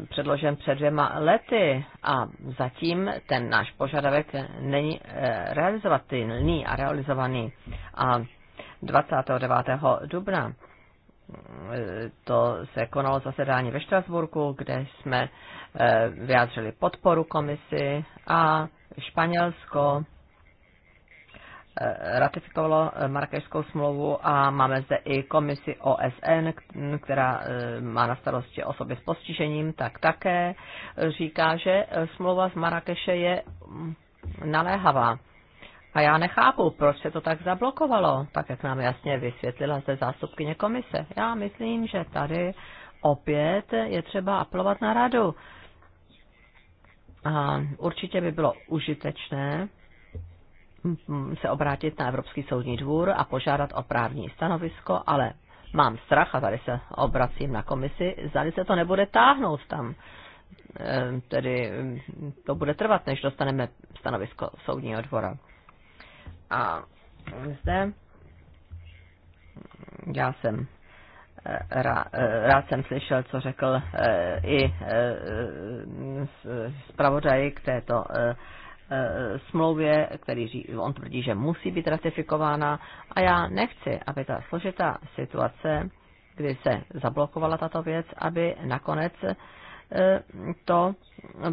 předložen před dvěma lety a zatím ten náš požadavek není eh, realizovatelný a realizovaný. A 29. dubna eh, to se konalo zasedání ve Štrasburku, kde jsme vyjádřili podporu komisi a Španělsko Eh, ratifikovalo eh, Marrakešskou smlouvu a máme zde i komisi OSN, která eh, má na starosti osoby s postižením, tak také říká, že smlouva z Marrakeše je mm, naléhavá. A já nechápu, proč se to tak zablokovalo, tak jak nám jasně vysvětlila zde zástupkyně komise. Já myslím, že tady opět je třeba aplovat na radu. A určitě by bylo užitečné, se obrátit na Evropský soudní dvůr a požádat o právní stanovisko, ale mám strach, a tady se obracím na komisi, zdali se to nebude táhnout tam. Ehm, tedy ehm, to bude trvat, než dostaneme stanovisko soudního dvora. A zde já jsem eh, Rá, eh, rád jsem slyšel, co řekl eh, i zpravodaj k této Eh, smlouvě, který on tvrdí, že musí být ratifikována a já nechci, aby ta složitá situace, kdy se zablokovala tato věc, aby nakonec eh, to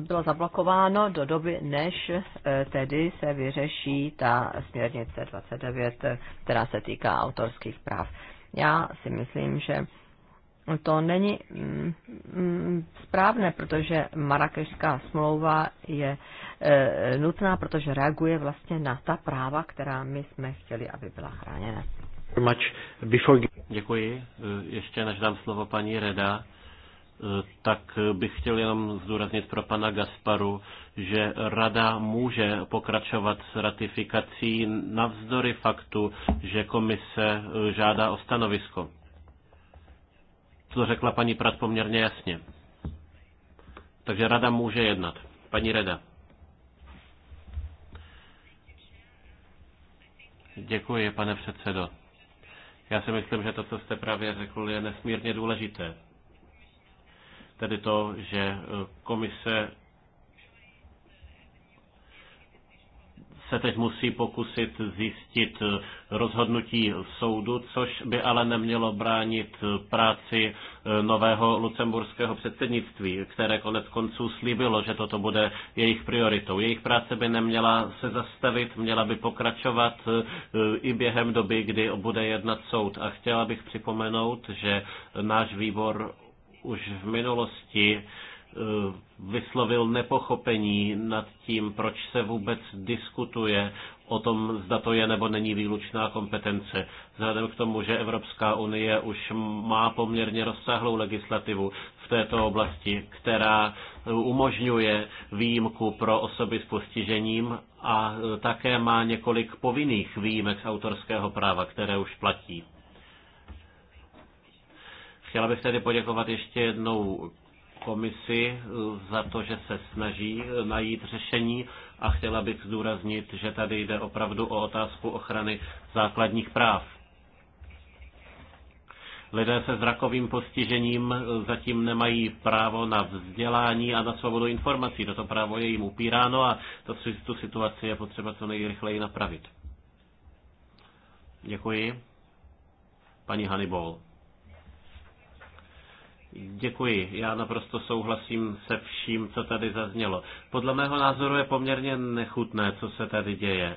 bylo zablokováno do doby, než eh, tedy se vyřeší ta směrnice 29, která se týká autorských práv. Já si myslím, že to není mm, mm, správné, protože Marrakešská smlouva je e, nutná, protože reaguje vlastně na ta práva, která my jsme chtěli, aby byla chráněna. Děkuji. E, ještě než dám slovo paní Reda, e, tak bych chtěl jenom zdůraznit pro pana Gasparu, že Rada může pokračovat s ratifikací navzdory faktu, že komise žádá o stanovisko co řekla paní Prat poměrně jasně. Takže rada může jednat. Paní Reda. Děkuji, pane předsedo. Já si myslím, že to, co jste právě řekl, je nesmírně důležité. Tedy to, že komise se teď musí pokusit zjistit rozhodnutí soudu, což by ale nemělo bránit práci eh, nového lucemburského předsednictví, které konec konců slíbilo, že toto bude jejich prioritou. Jejich práce by neměla se zastavit, měla by pokračovat eh, i během doby, kdy bude jednat soud. A chtěla bych připomenout, že náš výbor už v minulosti Eh, vyslovil nepochopení nad tím, proč se vůbec diskutuje o tom, zda to je nebo není výlučná kompetence. Vzhledem k tomu, že Evropská unie už má poměrně rozsáhlou legislativu v této oblasti, která umožňuje výjimku pro osoby s postižením a také má několik povinných výjimek z autorského práva, které už platí. Chtěla bych tedy poděkovat ještě jednou komisi eh, za to, že se snaží eh, najít řešení a chtěla bych zdůraznit, že tady jde opravdu o otázku ochrany základních práv. Lidé se zrakovým postižením eh, zatím nemají právo na vzdělání a na svobodu informací. Toto právo je jim upíráno a to, tu situaci je potřeba co nejrychleji napravit. Děkuji. Paní Hannibal. Děkuji. Já naprosto souhlasím se vším, co tady zaznělo. Podle mého názoru je poměrně nechutné, co se tady děje. E,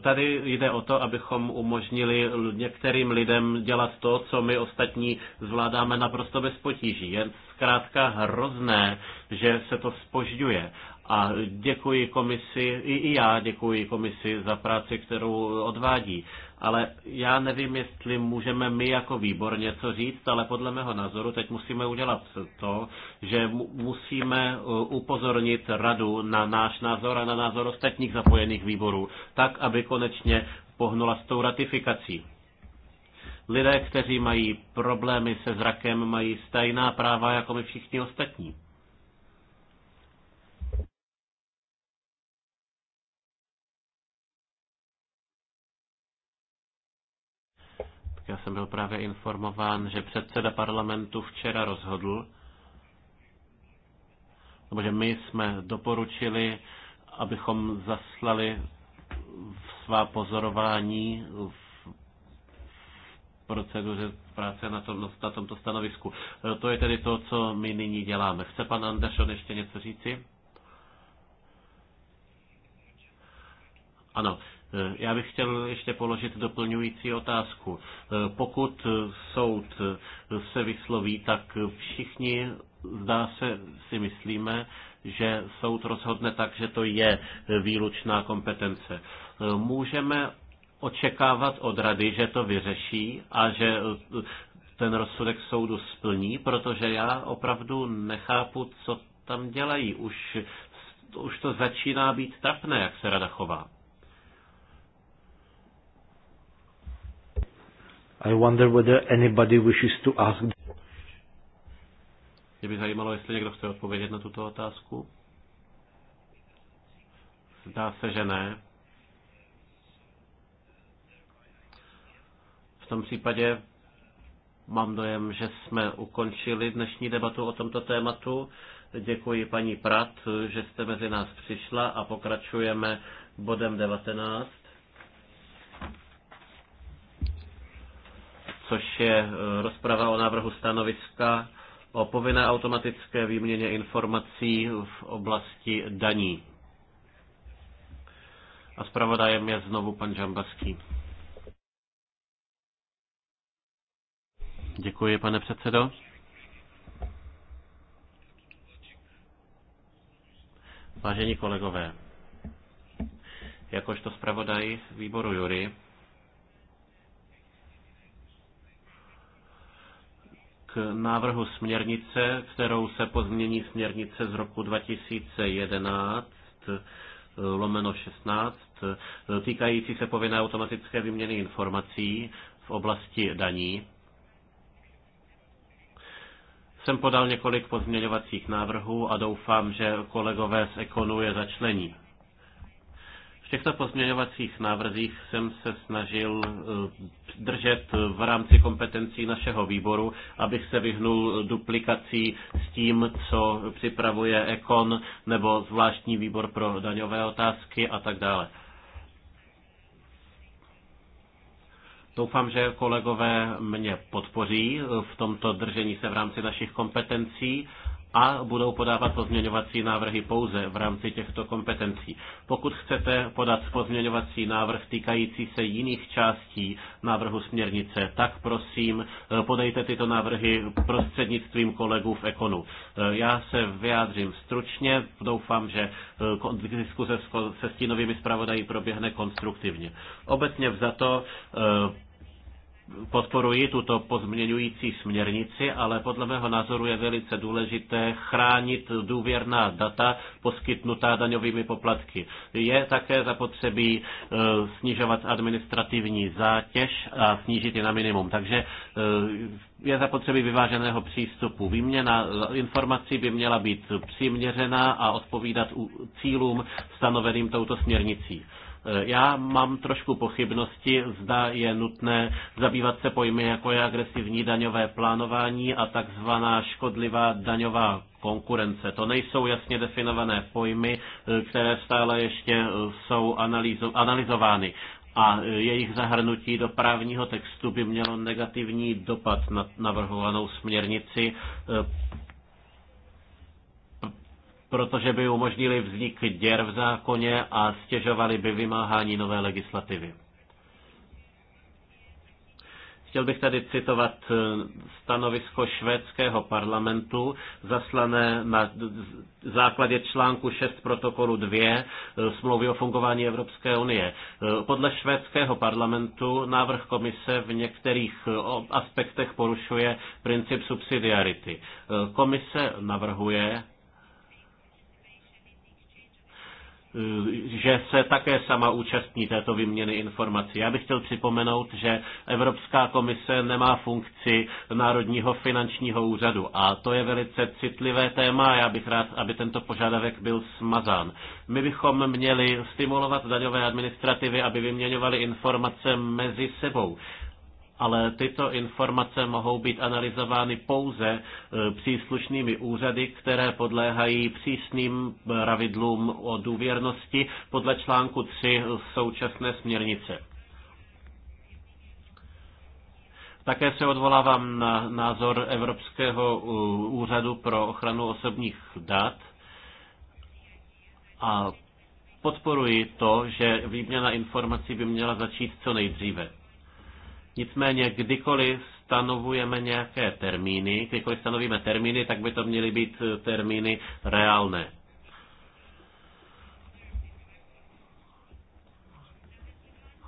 tady jde o to, abychom umožnili některým lidem dělat to, co my ostatní zvládáme naprosto bez potíží. Je zkrátka hrozné, že se to spožďuje. A děkuji komisi, i já děkuji komisi za práci, kterou odvádí ale já nevím, jestli můžeme my jako výbor něco říct, ale podle mého názoru teď musíme udělat to, že musíme uh, upozornit radu na náš názor a na názor ostatních zapojených výborů, tak, aby konečně pohnula s tou ratifikací. Lidé, kteří mají problémy se zrakem, mají stejná práva jako my všichni ostatní. Já jsem byl právě informován, že předseda parlamentu včera rozhodl, nebo že my jsme doporučili, abychom zaslali svá pozorování v proceduře práce na, tom, na tomto stanovisku. To je tedy to, co my nyní děláme. Chce pan Andersson ještě něco říci? Ano, já bych chtěl ještě položit doplňující otázku. E, pokud soud se vysloví, tak všichni, zdá se, si myslíme, že soud rozhodne tak, že to je výlučná kompetence. E, můžeme očekávat od rady, že to vyřeší a že ten rozsudek soudu splní, protože já opravdu nechápu, co tam dělají. Už, už to začíná být trapné, jak se rada chová. I wonder whether anybody wishes to ask. Mě by zajímalo, jestli někdo chce odpovědět na tuto otázku. Zdá se, že ne. V tom případě mám dojem, že jsme ukončili dnešní debatu o tomto tématu. Děkuji paní Prat, že jste mezi nás přišla a pokračujeme bodem 19. což je eh, rozprava o návrhu stanoviska o povinné automatické výměně informací v oblasti daní. A zpravodajem je znovu pan Žambaský. Děkuji, pane předsedo. Vážení kolegové, jakožto zpravodaj výboru Jury, návrhu směrnice, kterou se pozmění směrnice z roku 2011 lomeno 16, týkající se povinné automatické výměny informací v oblasti daní. Jsem podal několik pozměňovacích návrhů a doufám, že kolegové z Ekonu je začlení. V těchto pozměňovacích návrzích jsem se snažil eh, držet eh, v rámci kompetencí našeho výboru, abych se vyhnul duplikací s tím, co připravuje Ekon nebo zvláštní výbor pro daňové otázky a tak dále. Doufám, že kolegové mě podpoří eh, v tomto držení se v rámci našich kompetencí a budou podávat pozměňovací návrhy pouze v rámci těchto kompetencí. Pokud chcete podat pozměňovací návrh týkající se jiných částí návrhu směrnice, tak prosím podejte tyto návrhy prostřednictvím kolegů v Ekonu. Já se vyjádřím stručně, doufám, že diskuze se stínovými zpravodají proběhne konstruktivně. Obecně vzato podporuji tuto pozměňující směrnici, ale podle mého názoru je velice důležité chránit důvěrná data poskytnutá daňovými poplatky. Je také zapotřebí e, snižovat administrativní zátěž a snížit ji na minimum. Takže e, je zapotřebí vyváženého přístupu. Výměna informací by měla být přiměřená a odpovídat cílům stanoveným touto směrnicí. Eh, já mám trošku pochybnosti, zda je nutné zabývat se pojmy, jako je agresivní daňové plánování a takzvaná škodlivá daňová konkurence. To nejsou jasně definované pojmy, eh, které stále ještě eh, jsou analyzovány a jejich zahrnutí do právního textu by mělo negativní dopad na navrhovanou směrnici, protože by umožnili vznik děr v zákoně a stěžovali by vymáhání nové legislativy. Chtěl bych tady citovat eh, stanovisko švédského parlamentu, zaslané na základě článku 6 protokolu 2 eh, smlouvy o fungování Evropské unie. Eh, podle švédského parlamentu návrh komise v některých aspektech porušuje princip subsidiarity. Komise navrhuje, že se také sama účastní této výměny informací. Já bych chtěl připomenout, že Evropská komise nemá funkci Národního finančního úřadu a to je velice citlivé téma a já bych rád, aby tento požadavek byl smazán. My bychom měli stimulovat daňové administrativy, aby vyměňovali informace mezi sebou ale tyto informace mohou být analyzovány pouze e, příslušnými úřady, které podléhají přísným pravidlům o důvěrnosti podle článku 3 současné směrnice. Také se odvolávám na názor Evropského e, úřadu pro ochranu osobních dat a podporuji to, že výměna informací by měla začít co nejdříve. Nicméně, kdykoliv stanovujeme nějaké termíny, kdykoliv stanovíme termíny, tak by to měly být eh, termíny reálné.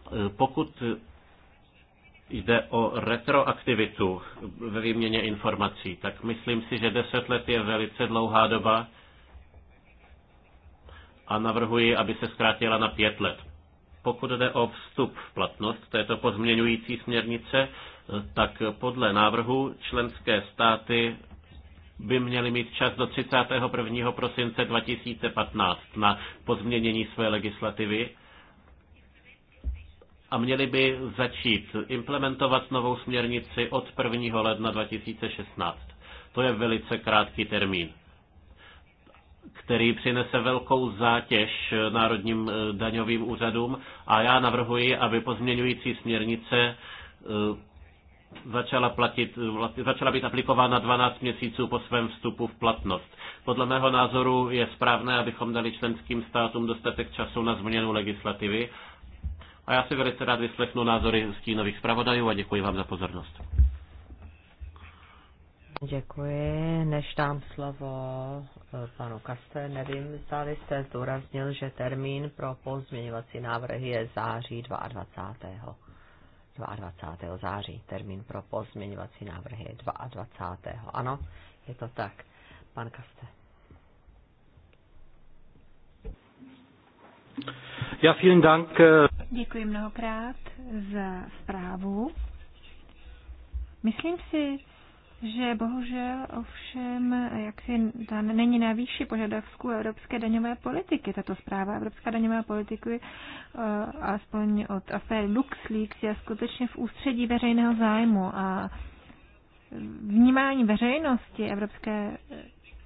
Eh, pokud jde o retroaktivitu ve výměně informací, tak myslím si, že deset let je velice dlouhá doba a navrhuji, aby se zkrátila na pět let. Pokud jde o vstup v platnost této pozměňující směrnice, tak podle návrhu členské státy by měly mít čas do 31. prosince 2015 na pozměnění své legislativy a měli by začít implementovat novou směrnici od 1. ledna 2016. To je velice krátký termín který přinese velkou zátěž národním eh, daňovým úřadům a já navrhuji, aby pozměňující směrnice eh, začala, platit, eh, začala být aplikována 12 měsíců po svém vstupu v platnost. Podle mého názoru je správné, abychom dali členským státům dostatek času na změnu legislativy. A já si velice rád vyslechnu názory stínových zpravodajů a děkuji vám za pozornost. Děkuji. Než dám slovo eh, panu Kaste, nevím, zdali jste zdůraznil, že termín pro pozměňovací návrhy je září 22. 22. září. Termín pro pozměňovací návrhy je 22. Ano, je to tak. Pan Kaste. Ja, vielen Dank. Eh. Děkuji mnohokrát za zprávu. Myslím si, že bohužel ovšem jaksi ta není na výši požadavků evropské daňové politiky. Tato zpráva evropská daňová politiky, eh, aspoň od aféry LuxLeaks, je skutečně v ústředí veřejného zájmu a vnímání veřejnosti evropské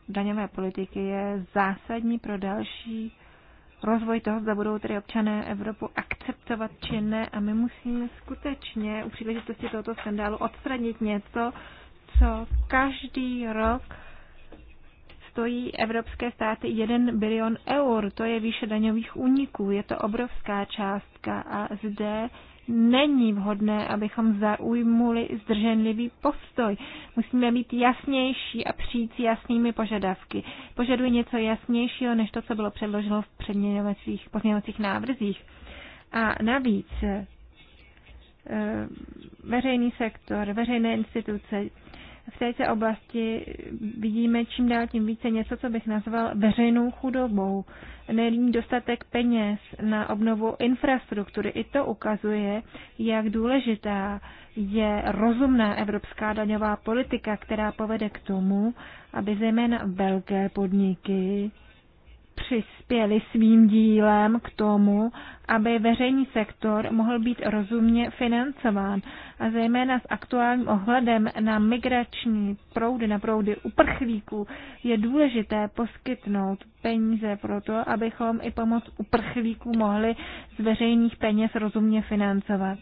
daňové politiky je zásadní pro další rozvoj toho, zda budou tedy občané Evropu akceptovat či ne. A my musíme skutečně u příležitosti tohoto skandálu odstranit něco, co každý rok stojí evropské státy 1 bilion eur. To je výše daňových úniků. Je to obrovská částka a zde není vhodné, abychom zaujmuli zdrženlivý postoj. Musíme být jasnější a přijít s jasnými požadavky. Požaduji něco jasnějšího, než to, co bylo předloženo v pozměňovacích návrzích. A navíc eh, veřejný sektor, veřejné instituce, v této oblasti vidíme čím dál tím více něco, co bych nazval veřejnou chudobou. Není dostatek peněz na obnovu infrastruktury. I to ukazuje, jak důležitá je rozumná evropská daňová politika, která povede k tomu, aby zejména velké podniky přispěli svým dílem k tomu, aby veřejný sektor mohl být rozumně financován a zejména s aktuálním ohledem na migrační proudy, na proudy uprchlíků, je důležité poskytnout peníze pro to, abychom i pomoc uprchlíků mohli z veřejných peněz rozumně financovat.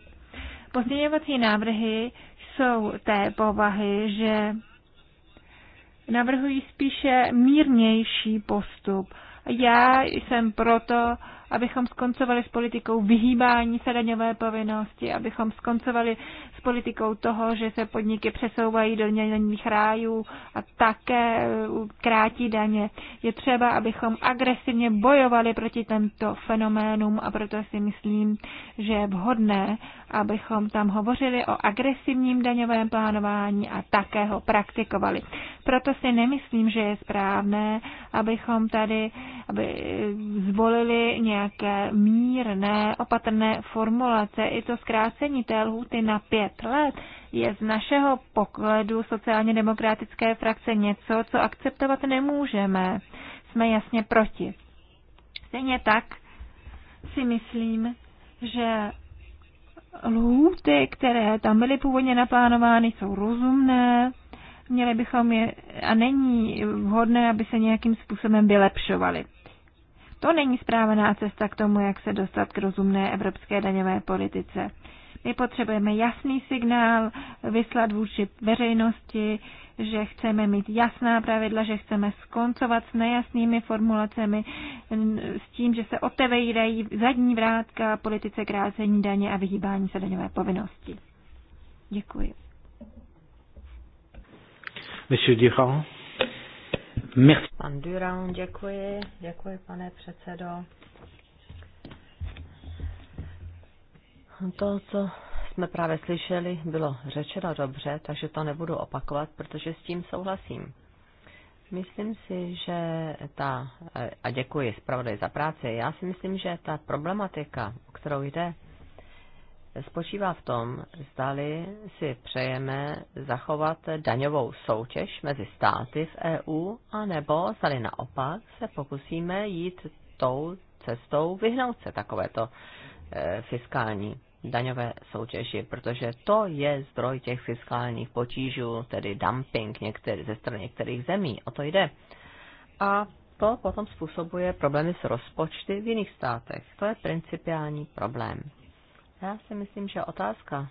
Pozměňovací návrhy jsou té povahy, že navrhují spíše mírnější postup já jsem proto, abychom skoncovali s politikou vyhýbání se daňové povinnosti, abychom skoncovali s politikou toho, že se podniky přesouvají do daňových rájů a také eh, krátí daně. Je třeba, abychom agresivně bojovali proti těmto fenoménům a proto si myslím, že je vhodné, abychom tam hovořili o agresivním daňovém plánování a také ho praktikovali. Proto si nemyslím, že je správné, abychom tady aby zvolili nějaké mírné, opatrné formulace. I to zkrácení té lhuty na pět let je z našeho pokledu sociálně demokratické frakce něco, co akceptovat nemůžeme. Jsme jasně proti. Stejně tak si myslím, že lhůty, které tam byly původně naplánovány, jsou rozumné, měli bychom je, a není vhodné, aby se nějakým způsobem vylepšovaly. To není správná cesta k tomu, jak se dostat k rozumné evropské daňové politice. My potřebujeme jasný signál vyslat vůči veřejnosti, že chceme mít jasná pravidla, že chceme skoncovat s nejasnými formulacemi, s tím, že se otevírají zadní vrátka politice krácení daně a vyhýbání se daňové povinnosti. Děkuji. Monsieur Durand. Merci. Pan Durand, děkuji. Děkuji, pane předsedo. To, co jsme právě slyšeli, bylo řečeno dobře, takže to nebudu opakovat, protože s tím souhlasím. Myslím si, že ta, a děkuji zpravodaj za práci, já si myslím, že ta problematika, o kterou jde, spočívá v tom, zdali si přejeme zachovat daňovou soutěž mezi státy v EU, anebo zdali naopak se pokusíme jít tou cestou vyhnout se takovéto eh, fiskální daňové soutěži, protože to je zdroj těch fiskálních potížů, tedy dumping některý, ze strany některých zemí. O to jde. A to potom způsobuje problémy s rozpočty v jiných státech. To je principiální problém. Já si myslím, že otázka,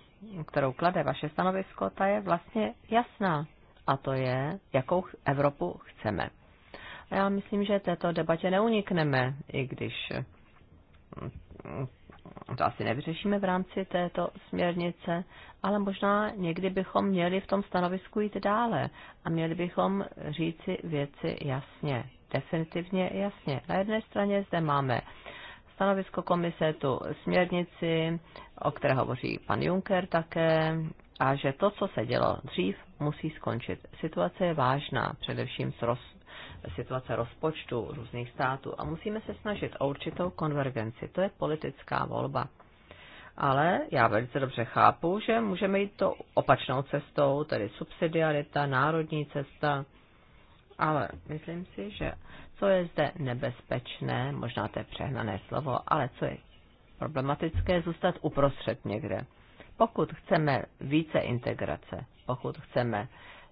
kterou klade vaše stanovisko, ta je vlastně jasná. A to je, jakou Evropu chceme. A já myslím, že této debatě neunikneme, i když to asi nevyřešíme v rámci této směrnice, ale možná někdy bychom měli v tom stanovisku jít dále a měli bychom říci věci jasně, definitivně jasně. Na jedné straně zde máme stanovisko komise, tu směrnici, o které hovoří pan Juncker také, a že to, co se dělo dřív, musí skončit. Situace je vážná, především s roz, situace rozpočtu různých států a musíme se snažit o určitou konvergenci. To je politická volba. Ale já velice dobře chápu, že můžeme jít to opačnou cestou, tedy subsidiarita, národní cesta, ale myslím si, že co je zde nebezpečné, možná to je přehnané slovo, ale co je problematické, je zůstat uprostřed někde. Pokud chceme více integrace, pokud chceme,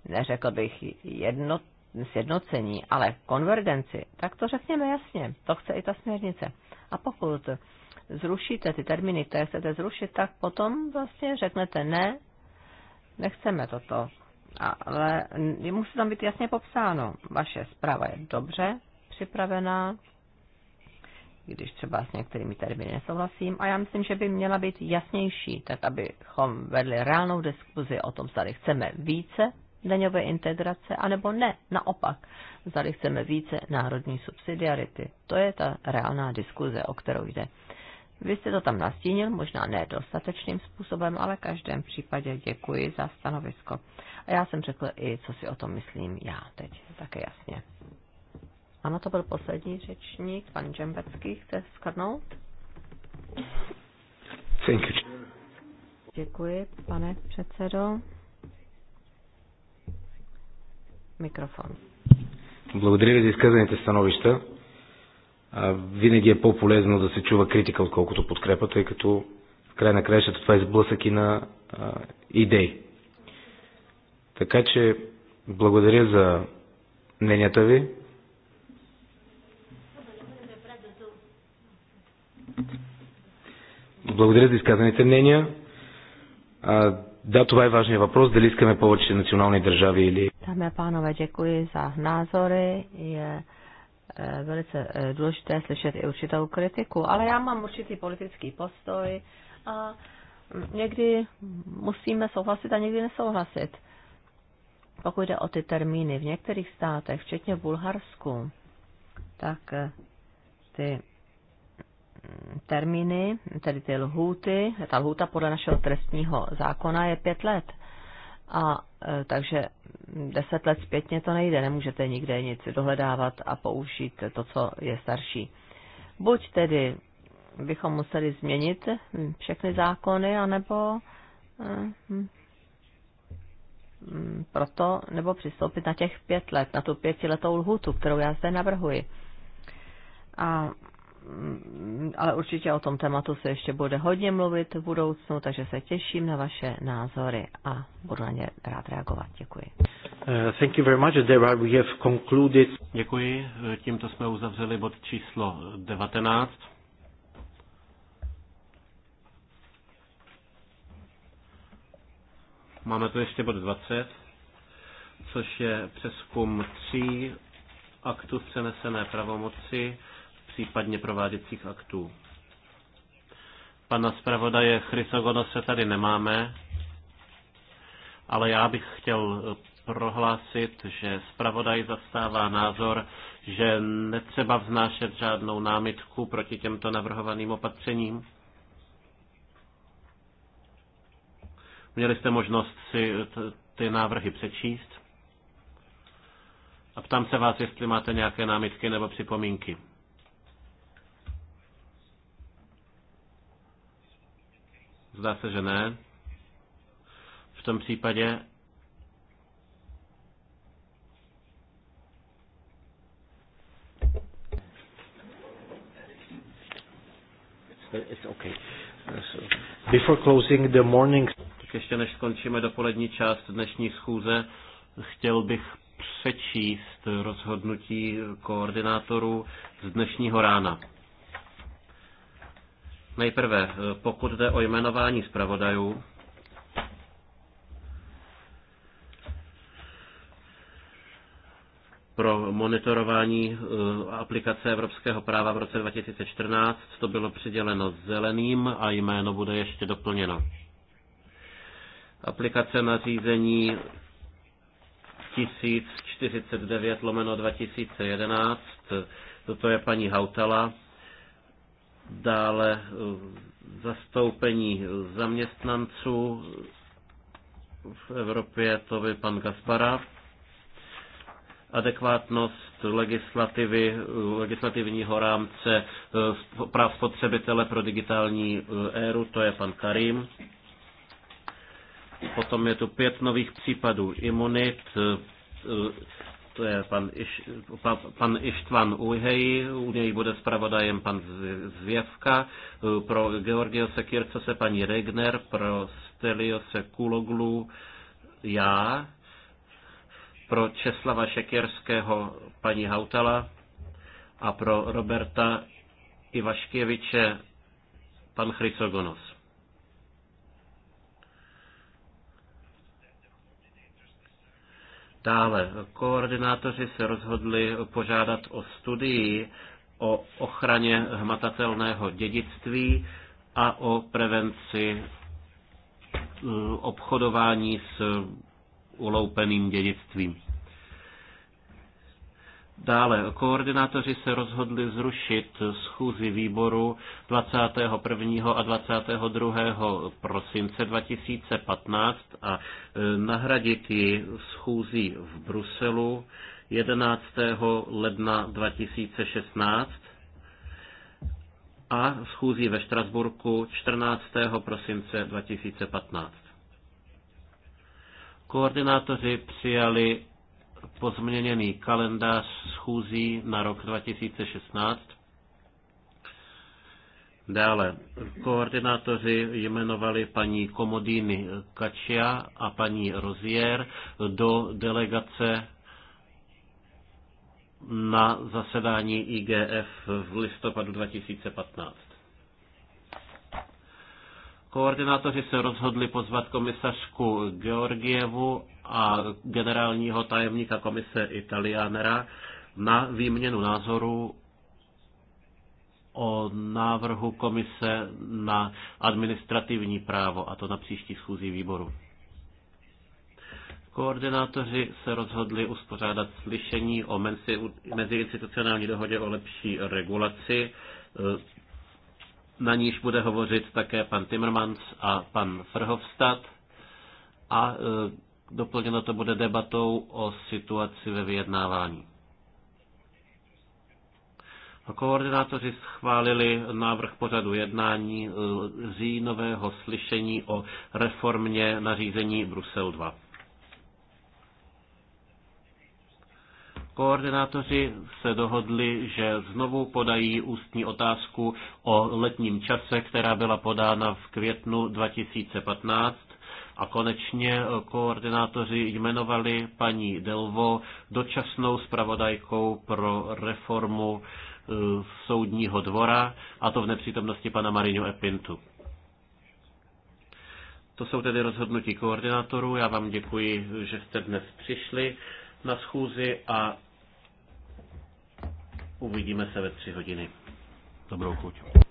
neřekl bych jednot, sjednocení, ale konvergenci, tak to řekněme jasně, to chce i ta směrnice. A pokud zrušíte ty termíny, které chcete zrušit, tak potom vlastně řeknete ne, nechceme toto. Ale musí tam být jasně popsáno. Vaše zpráva je dobře připravená, když třeba s některými termíny nesouhlasím. A já myslím, že by měla být jasnější, tak abychom vedli reálnou diskuzi o tom, zda chceme více daňové integrace, anebo ne, naopak. Zdali chceme více národní subsidiarity. To je ta reálná diskuze, o kterou jde. Vy jste to tam nastínil, možná ne dostatečným způsobem, ale v každém případě děkuji za stanovisko. A já jsem řekl i, co si o tom myslím já teď, také jasně. Ano, to byl poslední řečník, pan Džembecký, chce skrnout? Děkuji, pane předsedo. Микрофон. Благодаря ви за изказаните становища. Винаги е по-полезно да се чува критика, отколкото подкрепа, тъй като в край на краищата това е сблъсък и на идеи. Така че благодаря за мненията ви. Благодаря за изказаните мнения. Да, това е важният въпрос. Дали искаме повече национални държави или... Dámy a pánové, děkuji za názory. е e, velice e, důležité слышат и учител критику, але я мам určitý политически постой. А někdy musíme souhlasit a někdy nesouhlasit. Pokud jde o ty termíny v některých státech, včetně v Bulharsku, tak e, ty termíny, tedy ty lhůty. Ta lhůta podle našeho trestního zákona je pět let. A e, takže deset let zpětně to nejde, nemůžete nikde nic dohledávat a použít to, co je starší. Buď tedy bychom museli změnit všechny zákony, anebo e, hm, hm, proto, nebo přistoupit na těch pět let, na tu pětiletou lhůtu, kterou já zde navrhuji. A Mm, ale určitě o tom tématu se ještě bude hodně mluvit v budoucnu, takže se těším na vaše názory a budu na ně rád reagovat. Děkuji. Eh, thank you very much, Deborah. We have concluded. Děkuji. Eh, tímto jsme uzavřeli bod číslo 19. Máme tu ještě bod 20, což je přeskum tří aktu přenesené pravomoci případně prováděcích aktů. Pana zpravodaje Chrysogono se tady nemáme, ale já bych chtěl eh, prohlásit, že zpravodaj zastává názor, že netřeba vznášet žádnou námitku proti těmto navrhovaným opatřením. Měli jste možnost si eh, ty návrhy přečíst. A ptám se vás, jestli máte nějaké námitky nebo připomínky. Zdá se, že ne. V tom případě It's okay. So, before closing the morning... Tak ještě než skončíme dopolední část dnešní schůze, chtěl bych přečíst rozhodnutí koordinátorů z dnešního rána. Nejprve, eh, pokud jde o jmenování zpravodajů, pro monitorování eh, aplikace evropského práva v roce 2014. To bylo přiděleno zeleným a jméno bude ještě doplněno. Aplikace na řízení 1049 lomeno 2011, toto je paní Hautala, dále eh, zastoupení zaměstnanců v Evropě, to by pan Gaspara, adekvátnost legislativy, eh, legislativního rámce eh, práv spotřebitele pro digitální éru, to je pan Karim. Potom je tu pět nových případů imunit, to je pan, Iš, pa, pan Ištvan Ujhej, u něj bude zpravodajem pan Zvěvka, pro Georgiose Kircose paní Regner, pro Steliose Kuloglu já, pro Česlava Šekerského paní Hautala a pro Roberta Ivaškěviče pan Chrysogonos. Dále, koordinátoři se rozhodli požádat o studii o ochraně hmatatelného dědictví a o prevenci mm, obchodování s uloupeným dědictvím. Dále, koordinátoři se rozhodli zrušit schůzi výboru 21. a 22. prosince 2015 a e, nahradit ji schůzí v Bruselu 11. ledna 2016 a schůzí ve Štrasburku 14. prosince 2015. Koordinátoři přijali pozměněný kalendář schůzí na rok 2016. Dále koordinátoři jmenovali paní Komodýny Kačia a paní Rozier do delegace na zasedání IGF v listopadu 2015. Koordinátoři se rozhodli pozvat komisařku Georgievu a generálního tajemníka komise Italianera na výměnu názoru o návrhu komise na administrativní právo, a to na příští schůzi výboru. Koordinátoři se rozhodli uspořádat slyšení o meziinstitucionální dohodě o lepší regulaci. Na níž bude hovořit také pan Timmermans a pan Frhovstad. A Doplněno to bude debatou o situaci ve vyjednávání. Koordinátoři schválili návrh pořadu jednání eh, říjnového slyšení o reformě nařízení Brusel 2. Koordinátoři se dohodli, že znovu podají ústní otázku o letním čase, která byla podána v květnu 2015 a konečně eh, koordinátoři jmenovali paní Delvo dočasnou zpravodajkou pro reformu eh, soudního dvora, a to v nepřítomnosti pana Marinu Epintu. To jsou tedy rozhodnutí koordinátorů. Já vám děkuji, že jste dnes přišli na schůzi a uvidíme se ve tři hodiny. Dobrou chuť.